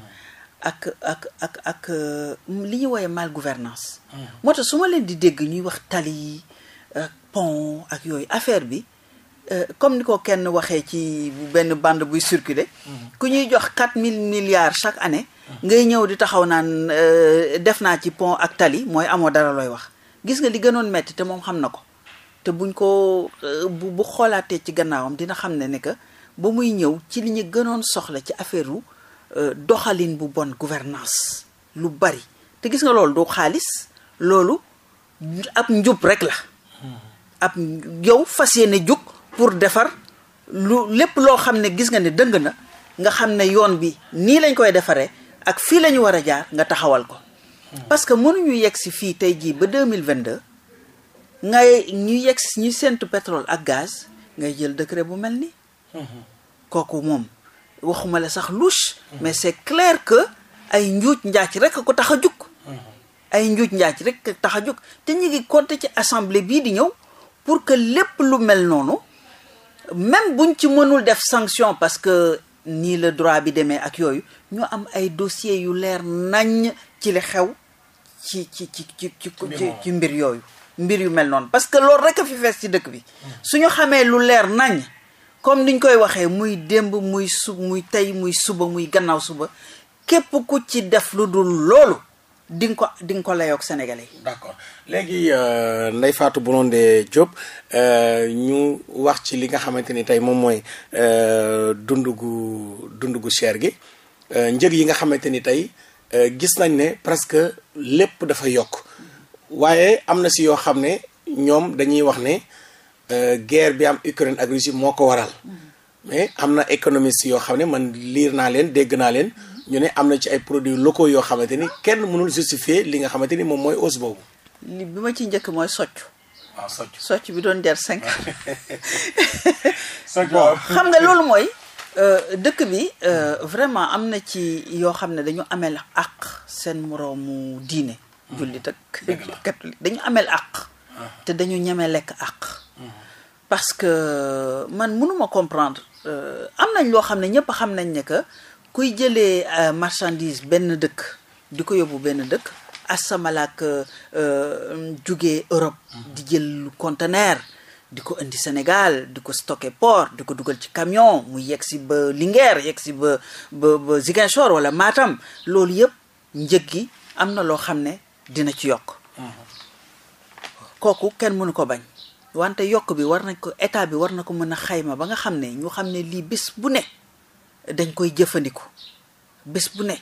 ak ak ak ak li ñuy woowee mal gouvernance hmm. moo tax su ma leen di dégg ñuy wax tali yi. pont ak yooyu affaire bi euh, comme ni ko kenn waxee ci benn bande buy circuler mhm. ku ñuy jox quatre mille milliards chaque année mhm. ngay ñëw di taxaw naan euh, def naa ci pont ak tali mooy amoon dara looy wax gis nga li gënoon metti te moom xam na ko te buñ ko euh, bu xoolaatee ci gannaawam dina xam ne ne que ba muy ñëw ci li ñu gënoon soxla ci affaire wu doxalin bu bon gouvernance lu bari te gis nga loolu du xaalis loolu ab njub rek la ab yow fas yéene jug pour defar lu lépp loo xam ne gis nga ne dëng na nga xam ne yoon bi nii lañ koy defaree ak fii la ñu war a jaar nga taxawal ko. parce que mënuñu yegg si fii tey jii ba deux mille vingt deux ngay ñu yegg si ñu séntu pétrole ak gaz ngay jël décret bu mel ni kooku moom waxuma la sax louche. mais c'est clair que ay njuuj njaac rek ko tax a jug. ay njuuj rek tax a jug te ñu ngi compter ci assemblée bii di ñëw pour que lépp lu mel noonu même buñ ci mënul def sanction parce que nii la droit bi demee ak yooyu ñu am ay dossier yu leer nañ ci li xew ci ci ci ci ci ci mbir yooyu mbir yu mel noonu parce que loolu rek a fi fees ci dëkk bi suñu xamee lu leer nañ comme niñ koy waxee muy démb muy su muy tey muy suba muy gannaaw suba képp ku ci def lu dul loolu di nga ko di ko layoog sénégalais yi. d' accord léegi euh, Ndeye Fatou Blondin Diop euh, ñu wax ci li nga xamante ni tey moom mooy euh, dund gu dund gu cher gi njëg yi nga xamante ni tey gis nañ ne presque lépp dafa yokk waaye am na si yoo xam ne ñoom dañuy wax ne guerre bi am Ukraine ak Russie moo ko waral mm-hmm. mais am na économiste yoo xam ne man liir naa leen dégg naa leen. ñoo ne am na ci ay produits locaux yoo xamante ni kenn mënul justifier li nga xamante ni moom mooy hausse boobu. li bi ma ci njëkk mooy soccu. waaw ah, soccu bi doon jar cinq. bon xam nga loolu mooy. Euh, dëkk bi euh, vraiment am na ci yoo xam ne dañu ameel àq seen moroomu diine. Hmm. jullit ak dañu ameel àq. Ah. te dañu ñeme lekk àq. Hmm. parce que euh, man mënuma comprendre am nañ loo xam ne ñëpp xam nañ ne que. kuy jëlee euh, marchandise benn dëkk di ko yóbbu benn dëkk asamalaak euh, euh, jugee Europe mhm. di jël conteneur di ko indi Sénégal di ko stocké port di ko dugal ci camion mu yegg si ba Linguère yegg si ba ba ba Ziguinchor wala maatam loolu yëpp njëg gi am na loo xam ne dina ci yokk mhm. kooku kenn mënu ko bañ wante yokk bi war nañ ko état bi war na ko mën a xayma ba nga xam ne ñu xam ne lii bis bu ne dañ koy jëfandiku bés bu ne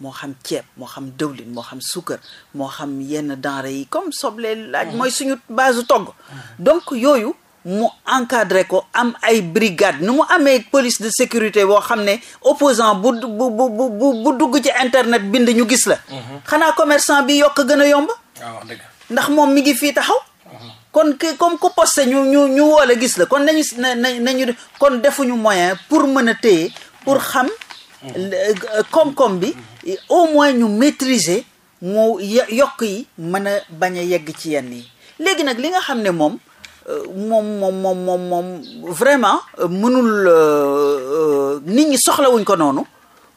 moo xam ceeb moo xam dëwlin moo xam suukar moo xam yenn denrées yi comme soble laaj ah. mooy suñu base togg ah. donc yooyu mu encadré ko am ay brigade nu mu amee police de sécurité boo xam ne opposant bu bu dugg ci internet bind ñu gis la mhm. xanaa commerçant bi yokk gën a yomb ah, ndax moom mi ngi fii taxaw mhm. kon que comme ku posté ñu ñu ñu woo la gis la kon nañu na nañu kon defuñu moyen pour mën a téye pour xam koom-koom bi au moins ñu maîtriser moo yokk yi mën a bañ a yegg ci yenn yi léegi nag li nga xam ne moom euh, moom moom moom moom moom vraiment euh, mënul euh, nit ñi soxlawuñ ko noonu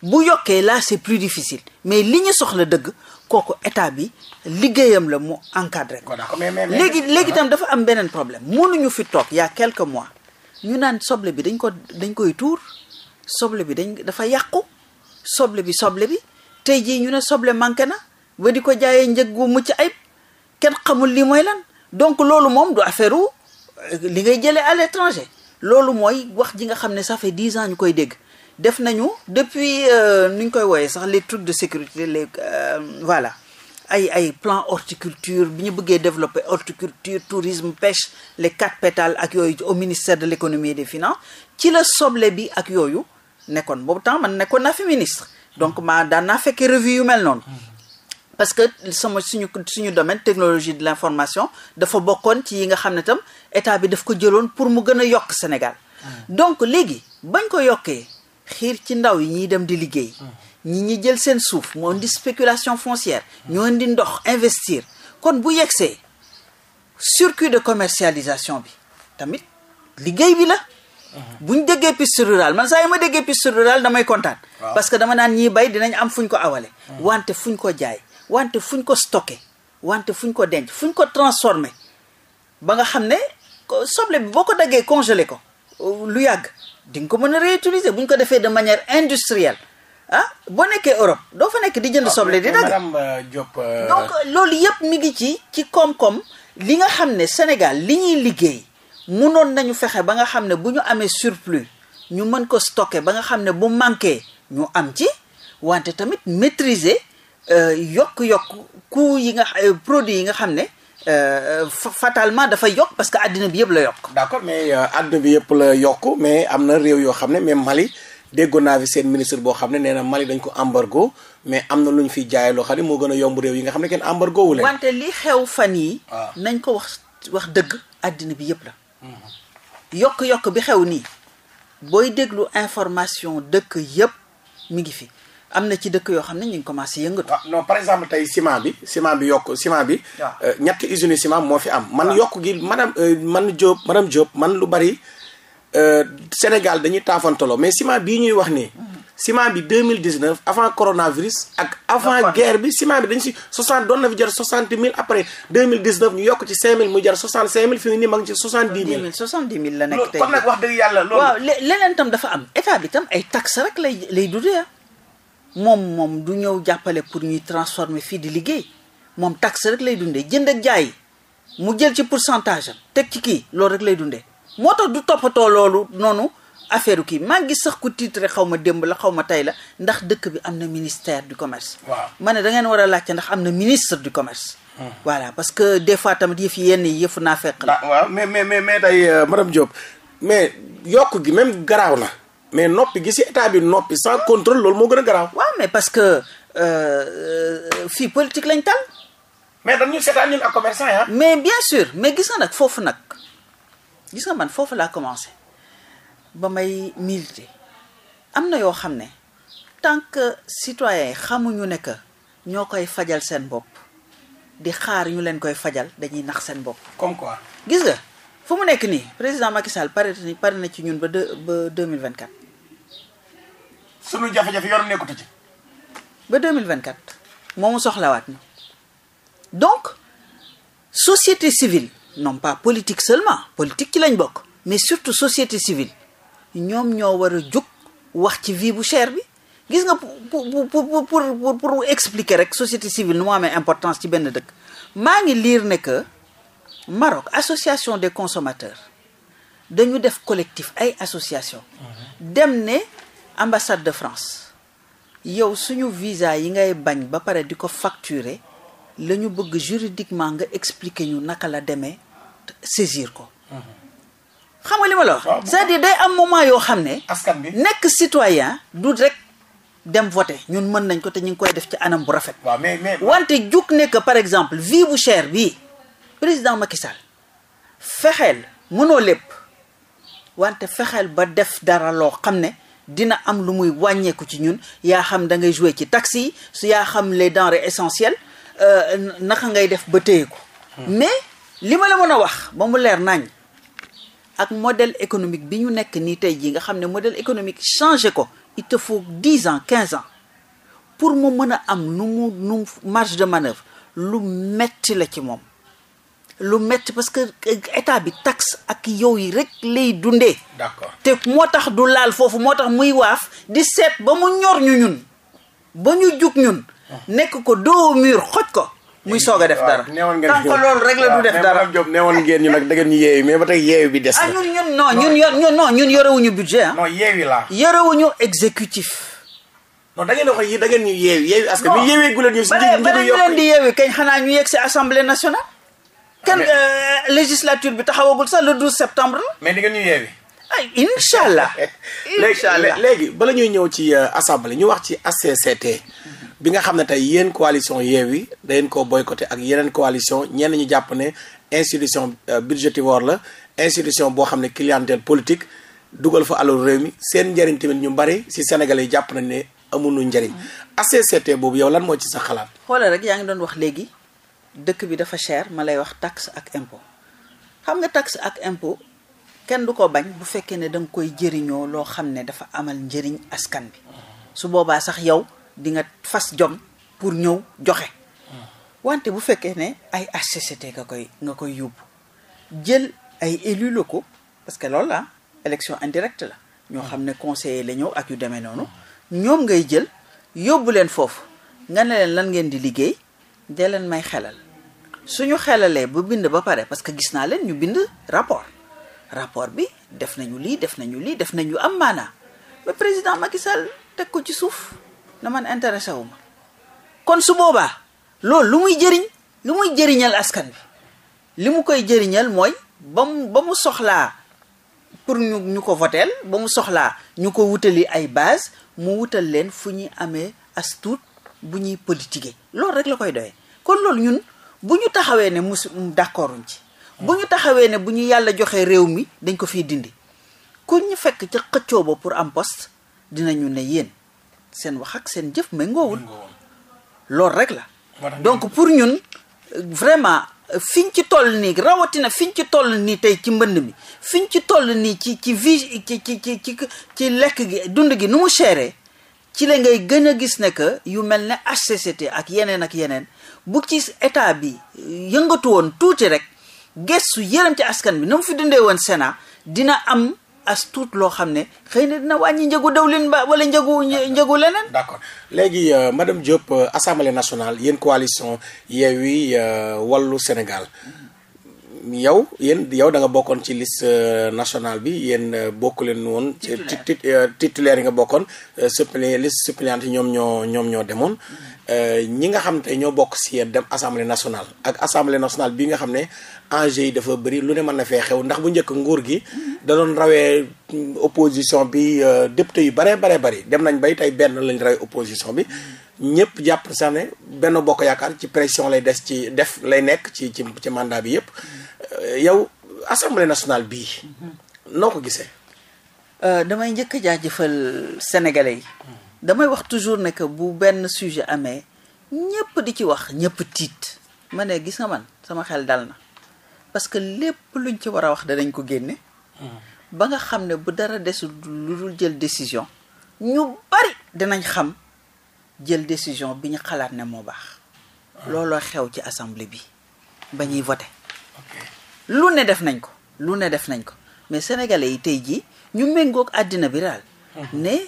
bu yokkee la c'est plus difficile mais li ñu soxla dëgg kooku état bi liggéeyam la mu encadré ko léegi léegi tam dafa am beneen problème mënuñu fi toog yaa a mois ñu naan soble bi dañ ko dañ koy tuur soble bi dañ dafa yàqu soble bi soble bi tey jii ñu ne soble manqué na ba di ko jaayee njëg gu mucc ayib kenn xamul lii mooy lan donc loolu moom du affaire euh, li ngay jëlee à l'étranger loolu mooy wax ji nga xam ne ça fait dix ans ñu koy dégg def nañu depuis euh, nu ñu koy wooyee sax les trucs de sécurité les euh, voilà ay ay plan horticulture bi ñu bëggee développer horticulture tourisme pêche le quatre pétales ak yooyu au ministère de l'économie et des finances ci la soble bi ak yooyu nekkoon boobu temps man nekkoon naa fi donc maa daan naa fekkee revue yu mel noonu parce que sama suñu suñu domaine technologie de l'information dafa bokkoon ci yi nga xam ne tam état bi daf ko jëloon pour mu gën a yokk Sénégal hmm. donc léegi bañ ko yokkee xiir ci ndaw yi ñuy dem di liggéey hmm. ñi ñi jël seen suuf moo indi spéculation foncière ñoo indi ndox investir kon bu yegsee circuit de commercialisation bi tamit liggéey bi la Uh-huh. bu ñu déggee piste rural man saa yi ma déggee piste rurale damay kontaan. parce que dama naan ñiy bay dinañ am ñu ko awale. Uh-huh. wante fuñ ko jaay wante fuñ ko stocké wante fuñ ko denc fuñ ko transformé ba nga xam ne soble bi boo ko daggee congelé ko euh, lu yàgg di nga ko mën a réutiliser bu ñu ko defee de manière industrielle. ah boo nekkee Europe doo fa nekk di jënd soble di dagg euh, euh, donc loolu yëpp mi ngi ci ci koom-koom li nga xam ne Sénégal li ñuy liggéey noon nañu fexe ba nga xam ne bu ñu amee surplus ñu mën ko stocké ba nga xam ne bu manqué ñu am ci wante tamit maîtriser euh, yokk-yokk coût yi nga euh, produit yi nga xam ne euh, fatalement dafa yokk parce que àddina bi yëpp la yokk. d'accord mais àddina bi yëpp la yokk mais am na réew yoo xam ne même Mali déggoon naa fi seen ministre boo xam ne nee na Mali dañ ko embargo mais am na lu ñu fi jaayee loo xam ne moo gën a yomb réew yi nga xam ne kenn embargo wu leen. wante li xew fan yi ah. nañ ko wax wax dëgg àddina bi yëpp la. yokk-yokk bi xew nii booy déglu information dëkk yëpp mu ngi fi am na ci dëkk yoo xam ne ñu ngi commencé yëngatu. no non par exemple tey ciment bi ciment bi yokk ciment bi. Euh, ñetti usines ciment moo fi am. man yokk gi madame euh, man Diop madame Diop man lu bari euh, Sénégal dañuy taafantaloo mais ciment bii ñuy wax nii. Mm. ciment bi 2019 avant coronavirus ak avant guerre bi ciment bi dañ si 60 doon na fi jar 60 000 après 2019 ñu yokk ci 5000 mu jar 65000 fi mu nii ma ngi ci 70 la nekk tey kon nag leneen tam dafa am état bi tam ay taxes rek lay lay dundee ah. moom moom du ñëw jàppale pour ñuy transformer fii di liggéey moom tax rek lay dundee jënd jaay mu jël ci pour centage teg ci kii loolu rek lay dundee moo tax du toppatoo loolu noonu. affaire kii maa sax ku titre xaw ma démb la xaw ma tey la ndax dëkk bi am na ministère du commerce. waaw ma ne da ngeen war a laajte ndax am na ministre du commerce. Hmm. voilà parce que des fois tamit yëf yenn yi yëfu naa fekk la. Ah, waaw mais mais mais mais tey euh, madame Diop mais yokk gi même garaaw na. mais noppi gi si état bi noppi sans contrôle loolu moo gën a garaaw. waaw parce que euh, euh, fii politique lañ tal. mais dañu seetaan ñun ak commerçant yi ah. mais bien sûr mais gis nga nag foofu nag gis nga man foofu laa commencé. ba may milité am na yoo xam ne tant que citoyens yi xamuñu ne que ñoo koy fajal seen bopp di xaar ñu leen koy fajal dañuy nax seen bopp. comme gis nga fu mu nekk nii président Macky Sall pare na na ci ñun ba deux ba deux mille vingt quatre. sunu jafe-jafe yoonu nekkatu ci. ba deux mille vingt quatre moomu soxlawaat na donc société civile non pas politique seulement politique ci lañ bokk mais surtout société civile. ñoom ñoo war a jóg wax ci vie bu cher bi gis nga pour pour pour pour expliquer rek société civile nu mu amee importance ci benn dëkk maa ngi liir ne que Maroc association des consommateurs dañu def collectif ay association dem ne ambassade de France yow suñu visa yi ngay bañ ba pare di ko facturer la ñu bëgg juridiquement nga expliquer ñu naka la demee saisir ko mhm. xam nga li ma la wax cest à day am moment yoo xam ne askan bi nekk citoyen du rek dem voter ñun mën nañ ko te ñu ngi koy def ci anam bu rafet waaw mais wante jug nekk par exemple vie bu chère bii président Macky Sall fexeel mënoo lépp wante fexeel ba def dara loo xam ne dina am lu muy wàññeeku ci ñun yaa xam da ngay jouer ci taxi yi su yaa xam les denrées essentielles euh, naka ngay def ba téye ko hmm. mais li ma la mën a wax ba mu leer nañ ak modèle économique bi ñu nekk nii tey jii nga xam ne modèle économique changé ko il foog faut dix ans quinze ans pour mu mën a am nu mu nu marge de manœuvre lu metti la ci moom lu metti parce que euh, état bi tax ak yow yi rek lay dundee. d'accord te moo tax du laal foofu moo tax muy waaf di seet ba mu ñor ñu ñun ba ñu jug ñun. Oh. nekk ko doo mur xoj ko. muy soog a def dara neewoon ngeen tant que loolu rek la du def dara Job neewoon ngeen ñu nag da ngeen ñu yeewi mais ba tey yeewi bi des ah ñun ñun non ñun yor ñun non ñun budget ah exécutif non da ngeen wax yi da ngeen ñu yeewi yeewi parce que mi yeewee guleen ñu si ñu leen di yeewi kañ xanaa ñu yegg si assemblée nationale ah, kenn euh, législature bi taxawagul sax le septembre la mais da ngeen ñu yeewi ay incha allah incha allah léegi bala ñuy ñëw ci euh, assemblée ñu wax ci ACCT mm-hmm. bi nga xam ne tey yéen coalition Yewwi dangeen koo boycotté ak yeneen coalition ñeen ñu jàpp ne institution euh, budgétivore la institution boo xam ne clientèle politique dugal fa alalu réew mi seen njëriñ tamit ñu bari si Sénégalais jàpp nañ ne amul amuñu njëriñ. ACCT boobu yow lan moo ci sa xalaat. xoolal rek yaa ngi doon wax léegi dëkk bi dafa cher ma lay wax taxe ak impôt xam nga taxe ak impôt kenn du ko bañ bu fekkee ne da nga koy jëriñoo loo xam ne dafa amal njëriñ askan bi su boobaa sax yow. di nga fas jom pour ñëw joxe wante bu fekkee ne ay HCCT nga koy nga koy yóbbu jël ay élus locaux parce que loolu la élection indirecte la ñoo xam ne conseiller la ñëw ak yu demee noonu ñoom ngay jël yóbbu leen foofu nga ne leen lan ngeen di liggéey dee leen may xelal suñu xelalee ba bind ba pare parce que gis naa leen ñu bind rapport rapport bi def nañu lii def nañu lii def nañu am maanaa mais président Macky Sall teg ko ci suuf na man intéressé wu ma kon su boobaa loolu lu muy jëriñ lu muy jëriñal askan bi li mu koy jëriñal mooy ba mu ba mu soxlaa pour ñu ñu ko voteel ba mu soxlaa ñu ko wutali ay base mu wutal leen fu ñuy amee as bu ñuy politiquer loolu rek la koy doyee kon loolu ñun bu ñu taxawee ne mus d'accorduñ ci bu ñu taxawee ne bu ñu yàlla joxee réew mi dañ ko fi dindi ku ñu fekk ca xëccoo ba pour am poste dinañu ne yéen seen wax ak seen jëf méngoowul loolu rek la donc pour ñun vraiment fiñ ci toll nii rawatina fiñ ci toll nii tey ci mbënd mi fiñ ci toll nii ci ci vie ci ci ci ci lekk gi dund gi nu mu chéré ci la ngay gën a gis ne que yu mel ne HCCT ak yeneen ak yeneen bu ci état bi yëngatu woon tuuti rek gestu yërëm ci askan bi na mu fi dundee woon Sénat dina am as tuut loo xam ne xëy na dina wàññi njëgu dawlin ba wala njëgu njëgu leneen. d'accord léegi euh, madame Diop euh, assemblée national yéen coalition Yewwi euh, wàllu Sénégal yow yéen yow danga bokkoon ci liste national bi yéen bokk leen woon. ci titulaire yi nga bokkoon suppléant liste suppléante yi ñoom ñoo ñoom ñoo demoon. Mm-hmm. Euh, ñi nga xam te ñoo bokk si yéen dem assemblée national ak assemblée nationale bi nga xam ne enjeu yi dafa bëri lu ne mën na fee xew ndax bu njëkk nguur gi da doon rawee mm, opposition bi euh, député yu baree baree bari dem nañ bay tey benn lañ rawee opposition bi ñëpp jàpp sax ne benn bokk yaakaar ci pression lay des ci def lay nekk ci ci ci mandat bi yëpp euh, yow assemblée nationale bii mm-hmm. noo ko gisee. damay njëkk a jaajëfal sénégalais yi. damay wax toujours ne bu benn sujet amee ñëpp di ci wax ñëpp tiit ma ne gis nga man sama xel dal na parce que lépp luñ ci war a wax danañ ko génne. Hmm. ba nga xam ne bu dara desul lu dul jël décision ñu bari danañ xam jël décision bi ñu xalaat ne moo baax. Ah. looloo xew ci assemblée bi ba ñuy voté. lu ne def nañ ko. lu ne def nañ ko mais sénégalais yi tey jii ñu méngook àddina bi daal. Hmm. ne.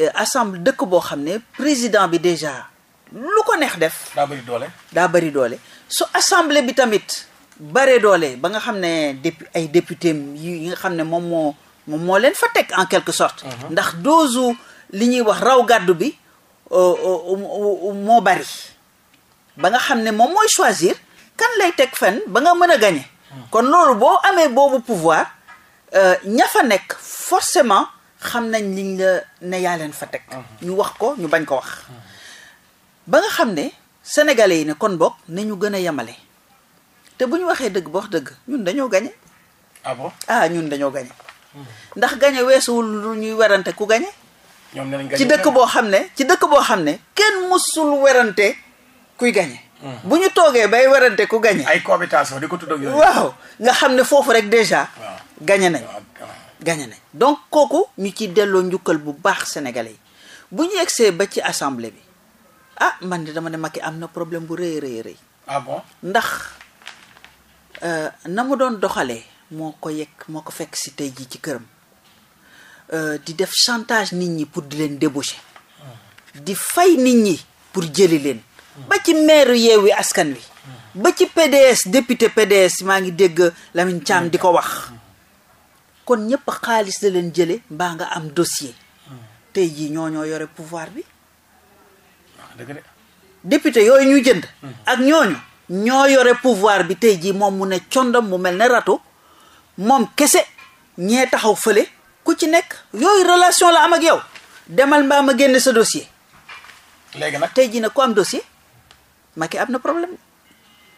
Euh, assemblée dëkk boo xam ne président bi déjà lu ko neex def. daa bëri doole. daa bëri doole su assemblée bi tamit bare doole ba nga xam ne dépu ay député yi nga xam ne moom moo moom moo leen fa teg en quelque sorte. Mhm. ndax doosu li ñuy wax raw gàddu bi euh, euh, moo bari ba nga xam ne moom mooy choisir kan lay teg fenn ba nga mën a gagner. Mhm. kon loolu boo amee boobu pouvoir ña fa nekk forcément. xam nañ liñ la ne yaa leen fa teg. ñu wax ko ñu bañ ko wax. ba nga xam ne sénégalais yi ne kon bokk ñu gën a yemale te bu ñu waxee dëgg ba wax dëgg ñun dañoo gañe. Ah, ah ñun dañoo gañe. ndax gañe weesuwul lu ñuy werante ku gañe. ñoom danañ gañe ci dëkk boo xam ne ci dëkk boo xam ne kenn mësul werante kuy gañe. Hmm. bu ñu toogee bay werante ku gañe. ay cohabitation di ko waaw nga xam ne foofu rek déjà. gañe nañ. gagné nañ donc kooku ñu ci delloo njukkal bu baax sénégalais yi bu ñu yegsee ba ci assemblée bi ah man di dama ne Macky am na problème bu rëy rëy rëy ah bon ndax euh, na mu doon doxalee moo ko yegg moo ko fekk si tey jii ci këram euh, di def chantage nit ñi pour di leen débaucher hmm. di fay nit ñi pour jëli leen hmm. ba ci maire Yewwi Askan Wi hmm. ba ci PDS député PDS maa ngi dégg Lamine Thiam di ko wax kon ñëpp xaalis la leen jëlee mbaa nga am dossier tey jii ñoo ñoo yore pouvoir bi député yooyu ñu jënd mm-hmm. ak ñooñu ñoo yore pouvoir bi tey jii moom mu ne condom mu mel ne râteau moom kese ñee taxaw fële ku ci nekk yooyu relation la am ak yow demal mbaa a génne sa dossier léegi nag tey jii nag ku am dossier Macky am na problème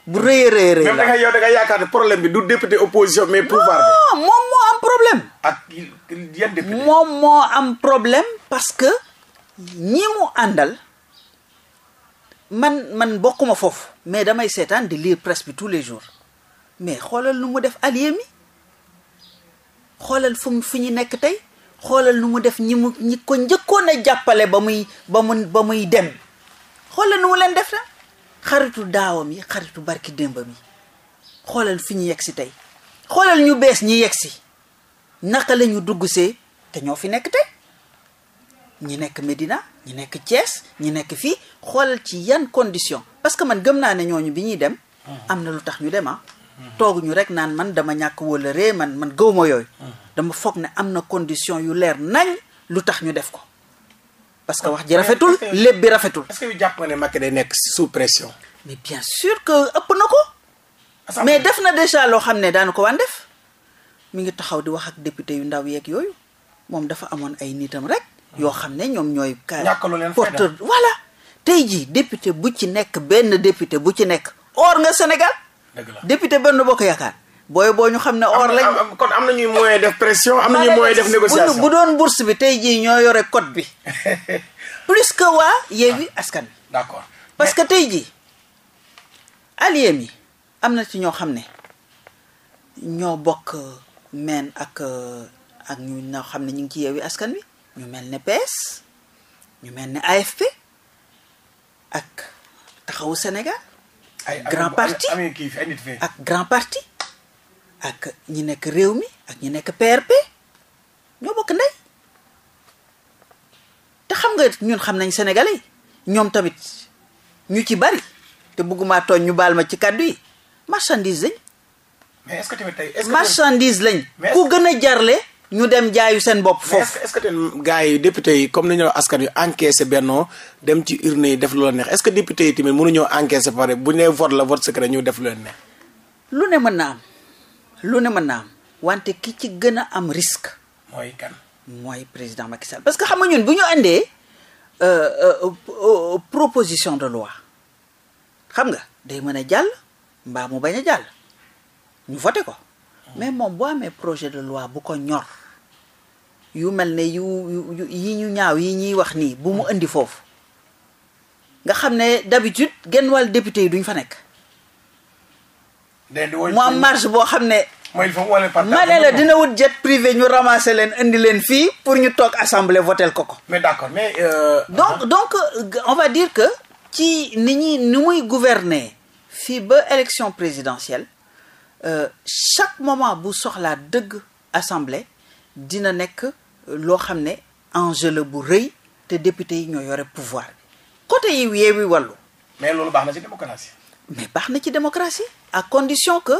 bu rëy a rëy rëy la même yow da nga yaakaar ne problème bi du député opposition mais pouvoir moom problème. ak yan député moom moo am problème parce que ñi mu àndal man man bokkuma foofu. mais damay seetaan di lire presse bi tous les jours mais xoolal nu mu def allié mi xoolal fu mu fi nekk tey xoolal nu mu def ñi mu ko njëkkoon a jàppale ba muy ba mu ba muy dem xoolal nu mu leen def na xaritu daawam yi xaritu barki démbam yi xoolal fi ñu yegg si tey xoolal ñu bees ñi yegg si naka la ñu dugg see te ñoo fi nekk tey ñi nekk Médina ñi nekk Thiès ñi nekk fii xoolal ci yan condition parce que man gëm naa ne ñooñu bi ñuy dem. Hmm. am na lu tax ñu dem ah. Hmm. tooguñu rek naan man dama ñàkk wala ree man man gëwuma yooyu. Hmm. dama foog ne am na condition yu leer nañ lu tax ñu def ko. parce que wax ji rafetul lépp bi rafetul. est-ce que jàpp nga ne Macky day pression. mais bien sûr que ëpp na ko. mais def na déjà loo xam ne daanu ko waan def. mi ngi taxaw di wax ak député yu ndaw yeeg yooyu moom dafa amoon ay nitam rek. yoo xam ne ñoom ñooy. ñàkkalu leen porteur voilà. tey jii député bu ci nekk benn député bu ci nekk or nga Sénégal. dëgg la benn bokk yaakaar. booy boo ñu xam ne or lañ. kon am na ñuy moyen def pression am nañuy moyen def négociation bu doon bourse bi tey jii ñoo yore code bi plus que waa Yewwi ah. Askan Wi. d'accord parce que tey jii alliés yi am na ci ñoo xam ne ñoo bokk. meen ak euh, ak ñu na xam ne ñu ngi ci Yewwi Askan Wi ñu mel ne PS ñu mel ne AFP ak taxawu Sénégal ak grand parti ak grand parti ak ñi nekk réew mi ak ñi nekk PRP ñoo bokk ndey te xam nga ñun xam nañ sénégalais ñoom tamit ñu ci bari te bëgguma tooñ ñu baal ma ci kàddu yi marchandise lañ mais est-ce que tamit tey est-ce que marchandise lañ. ku gën a jarle ñu dem jaayu seen bopp foofu. est-ce que tamit gars yi député yi comme nañu la askan yu encaissé bennoo dem ci urne yi def lu la neex est-ce que député yi tamit mënuñoo encaissé pare bu ñu nee vote la vote secret ñu def lu leen neex. lu ne mën naa am lu ne mën naa am wante ki ci gën a am risque. mooy kan. mooy président Macky Sall parce que xam nga ñun bu ñu andee euh, euh, euh, proposition de loi xam nga day mën a jàll mbaa mu bañ a jàll. ñu voté ko mais moom boo amee projet de loi bu ko ñor yu mel ne yu yi ñu ñaaw yi ñuy wax nii bu mu indi foofu nga xam ne d'habitude genn wàll député yi duñ fa nekk mu am marge boo xam ne ma ne la dina wut jet privé ñu ramasser leen indi leen fii pour ñu toog assemblée votel ko ko mais d'accord mais euh... donc ah. donc on va dire que ci ni ñi ni muy gouverner fii ba élection présidentielle Euh, chaque moment bu soxlaa dëgg assemblée dina nekk euh, loo xam ne enjeu la bu rëy te député yi ñoo yore pouvoir bi côté yi Yewwi Wallu mais loolu baax na ci démocratie. mais baax na ci démocratie à condition que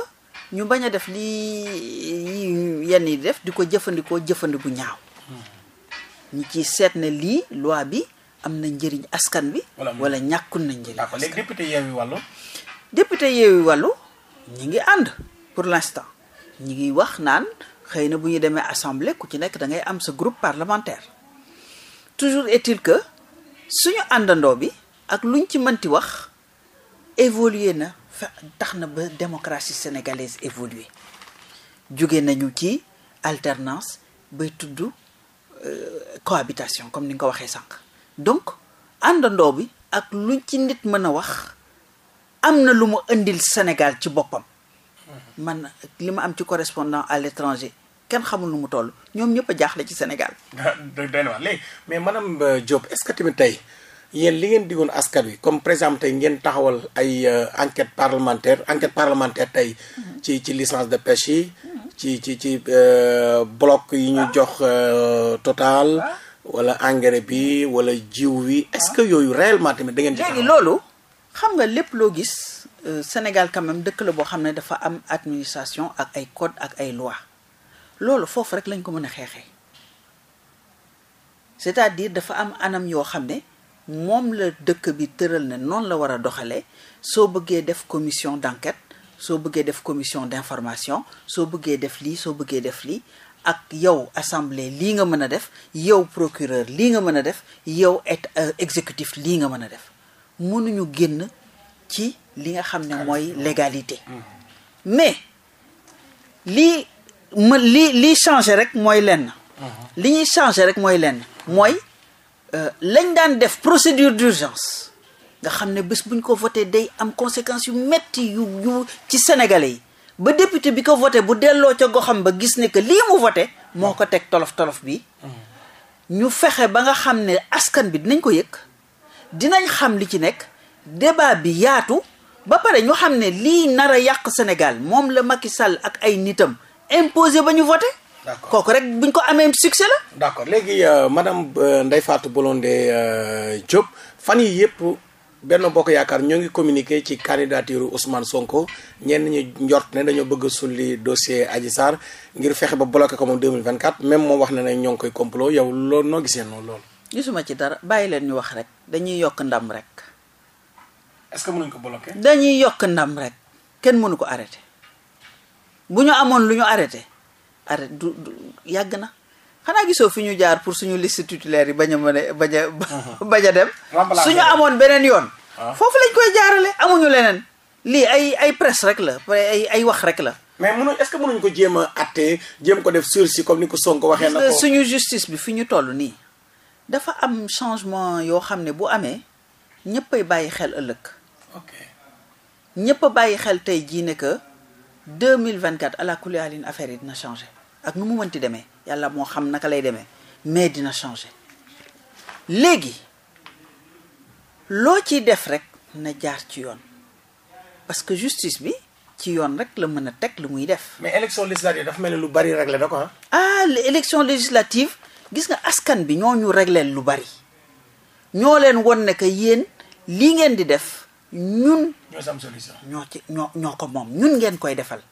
ñu bañ a def lii yenn yi def di ko jëfandikoo jëfandiku ñaaw hmm. ñi ci seet ne lii loi bi am na njëriñ askan bi wala ñàkkul na njëriñ. d'accord léegi député Yewwi Wallu député Yewwi Wallu ñi ngi ànd pour l'instant ñi ngi wax naan xëy na bu ñu demee assemblée ku ci nekk da ngay am sa groupe parlementaire toujours est-il que suñu àndandoo bi ak lu luñ ci mënti wax évoluer na tax na ba démocratie sénégalaise évoluer jóge nañu ci alternance bay tudd euh, cohabitation comme ni nga ko waxee sànq donc àndandoo bi ak luñ ci nit mën a wax am na lu mu indil Sénégal ci boppam man na li ma am ci correspondant à l'étranger kenn xamul lu mu toll ñoom ñëpp a jaaxle ci Sénégal. day mais madame euh, Diop est-ce que tamit tey yéen li ngeen digoon askan wi comme par exemple ngeen taxawal ay euh, enquête parlementaire enquête parlementaire tey ci ci licence de pêche yi. ci ci ci euh, bloc yi ñu jox Total. Ah. wala engrais bi wala jiw wi est-ce que yooyu réellement tamit da ngeen. ci loolu. xam nga lépp loo gis euh, Sénégal quand dëkk la boo xam ne dafa am administration ak ay code ak ay loi loolu foofu rek lañ ko mën a xeexee c'est-à-dire dafa am anam yoo xam ne moom la dëkk bi tëral ne noonu la war a doxalee soo bëggee def commission d'enquête soo bëggee def commission d'information soo bëggee def lii soo bëggee def lii ak yow assemblée lii nga mën a def yow procureur lii nga mën a def yow et euh, exécutif lii nga mën a def mënuñu génn ci li nga xam ne mooy légalité mm-hmm. mais lii ma lii lii changé rek mooy lenn mm-hmm. li ñuy changé rek mooy lenn mooy euh, lañ daan def procédure d'urgence nga xam ne bés buñ ko voté day am conséquences yu metti yu yu ci sénégalais yi ba député bi ko voté bu delloo ca goxam ba gis ne que lii mu voté moo ko teg tolof tolof bi mm-hmm. ñu fexe ba nga xam ne askan bi dinañ ko yëg dinañ xam li ci nekk débat bi yaatu ba pare ñu xam ne lii nar a yàq senegal moom la Macky Sall ak ay nitam imposé ba ñu voté. d'accord kooku rek ñu ko amee succès la. d'accord léegi euh, madame euh, Ndeye Fatou Blondin euh, Diop fan yi yëpp Benno Bokk Yaakaar ñoo ngi communiqué ci candidature Ousmane Sonko ñenn ñi njort ne dañoo bëgg sulli dossier Adji Sarr ngir fexe ba bloqué ko moom 2024 même moom wax na ne ñoo ngi koy complot yow loolu noo gisee noonu loolu. gisuma ci dara bàyyi leen ñu wax rek dañuy yokk ndam rek. est-ce que mënuñ ko bloquer. dañuy yokk ndam rek kenn mënu ko arrêté bu ñu amoon lu ñu arrêté arrêté du yàgg na xanaa gisoo fi ñu jaar pour suñu liste yi bañ a mën a bañ a mhm. bañ a dem. suñu amoon beneen yoon. Ah. foofu lañ koy jaarale amuñu leneen. lii ay ay presse rek la ay ay wax rek la. mais mënuñ est-ce que ko jéem a àtte jéem ko def sursis comme ni ko Sonko waxee na ko. suñu justice bi fi ñu toll nii. dafa am changement yoo xam ne bu amee ñëppay bàyyi xel ëllëg. ok ñëpp a bàyyi xel tey jii ne mille 2024 à la kuliyaalin affaire yi dina changé ak nu mu mënti demee yàlla moo xam naka lay demee mais dina changé léegi loo ciy def rek na jaar ci yoon parce que justice bi. ci yoon rek la mën a teg lu muy def. mais élection législative dafa mel lu bari rek la da ko ah élection législative gis nga askan bi ñoo ñu regleel lu bari ñoo leen won ne que yéen lii ngeen di def ñun. ñoo ñoo ci ñoo ñoo ko moom ñun ngeen koy defal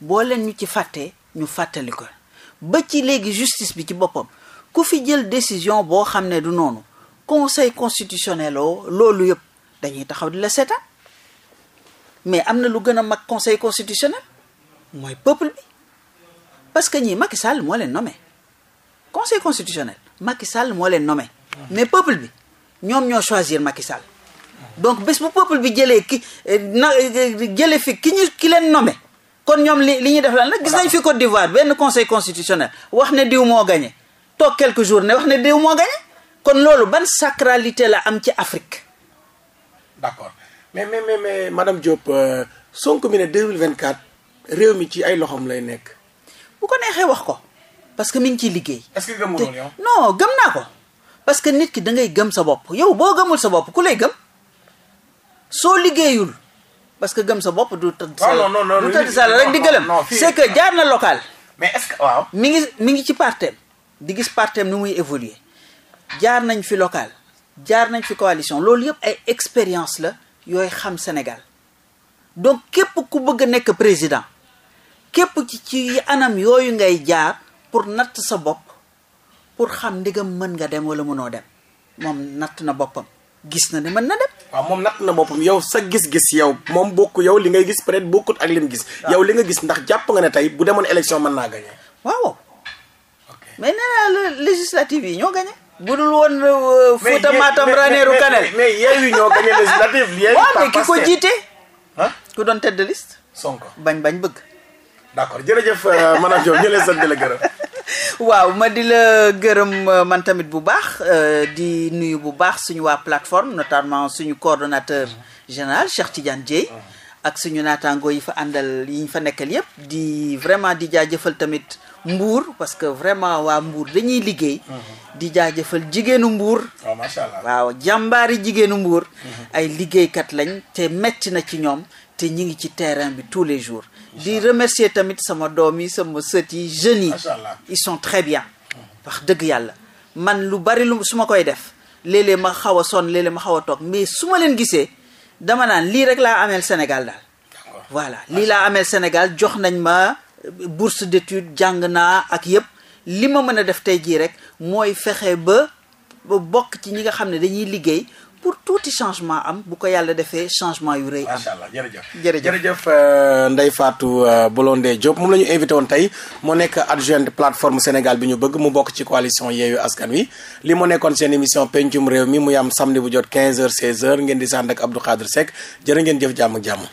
boo leen ñu ci fàttee ñu fàttali ko ba ci léegi justice bi ci boppam ku fi jël décision boo xam ne du noonu conseil constitutionnel oo loolu yëpp dañuy taxaw di la seetaan mais am na lu gën a mag conseil constitutionnel mooy peuple bi parce que ñii Macky Sall moo leen nommé. conseil constitutionnel Macky Sall moo leen nommé mais peuple bi ñoom ñoo choisir Macky Sall donc bés bu peuple bi jëlee ki eh, na eh, jëlee fi ki ñu ki leen nommé kon ñoom li li ñuy def lan nag gis nañ fi Côte d'Ivoire benn conseil constitutionnel wax ne diw moo gagné toog quelque jour ne wax ne diw moo gagné kon loolu ban sacralité la am ci Afrique. d'accord mais mais mais, mais madame Diop euh, Sonko mi ne 2024 réew mi ci ay loxoom lay nekk. bu ko neexee wax ko. parce que mi ngi ciy liggéey. est-ce que gëmuloo yow. non gëm naa ko parce que nit ki da gëm sa bopp yow boo gëmul sa bopp ku lay gëm soo liggéeyul parce que gëm sa bopp du. tëdd sa ah, non non sa rek di gëlëm. c'est que jaar na local. mais est waaw. mi ngi mi ngi ci partem di gis partem nu muy évoluer jaar nañ fi local jaar nañ fi coalition loolu yëpp ay expérience la yooy xam Sénégal donc képp ku bëgg a nekk président képp ci ci anam yooyu ngay jaar. pour natt sa bopp pour xam ndigam mën nga dem wala mënoo dem moom natt na boppam gis na ne mën na dem. waaw moom natt na boppam yow sa gis-gis yow moom bokk yow li ngay gis peut-être bokkut ak lim gis. yow li nga gis ndax jàpp nga ne tey bu demoon élection mën naa gagné. waaw mais nee naa législative yi ñoo gagné. budul woon euh, Fouta Matam Ranérou Kanel. mais yeeyu ñoo gagné législative. de liste. Sonko bañ bañ bëgg. d'accord jërëjëf euh, madame Diop ñu lay sant di la gërëm. waaw ma di la gërëm euh, man tamit bu baax euh, di nuyu bu baax suñu waa plateforme notamment suñu coordonnateur général Cheikh Tidiane Dieye ak suñu naataangoo yi fa àndal yi fa nekkal yépp di vraiment di jaajëfal tamit mbuur parce que vraiment waa mbuur dañuy liggéey mm-hmm. di jaajëfal jigéenu mbuur oh, waaw jàmbaari jigéenu mbuur mm-hmm. ay liggéeykat lañ te metti na ci ñoom te ñi ngi ci terrain bi tous les jours di remercier tamit sama doom yi sama sët yi jeunes yi ils sont très bien wax dëgg yàlla man lu bari lu su ma koy def léeg-léeg ma xaw a sonn léeg ma xaw a toog mais su ma leen gisee dama naan lii rek laa amee Sénégal daal voilà lii laa amee Sénégal jox nañ ma bourse d'études jàng naa ak yépp li ma mën a def tey jii rek mooy fexe ba bokk ci ñi nga xam ne dañuy liggéey pour tuuti changement am bu ko yàlla defee changement yu rëy am. macha allah jëf jërëjëf jërëjëf euh, Ndeye Fatou euh, Blondin Diop moom la ñu invité woon tey moo nekk adjointe plateforme Sénégal bi ñu bëgg mu bokk ci coalition Yewwi Askan Wi li mu nekkoon seen émission pencum réew mi mu yam samedi bu jot 15h 16h ngeen di sànd ak Abdou Khadre Seck ngeen jëf jàmm ak jàmm.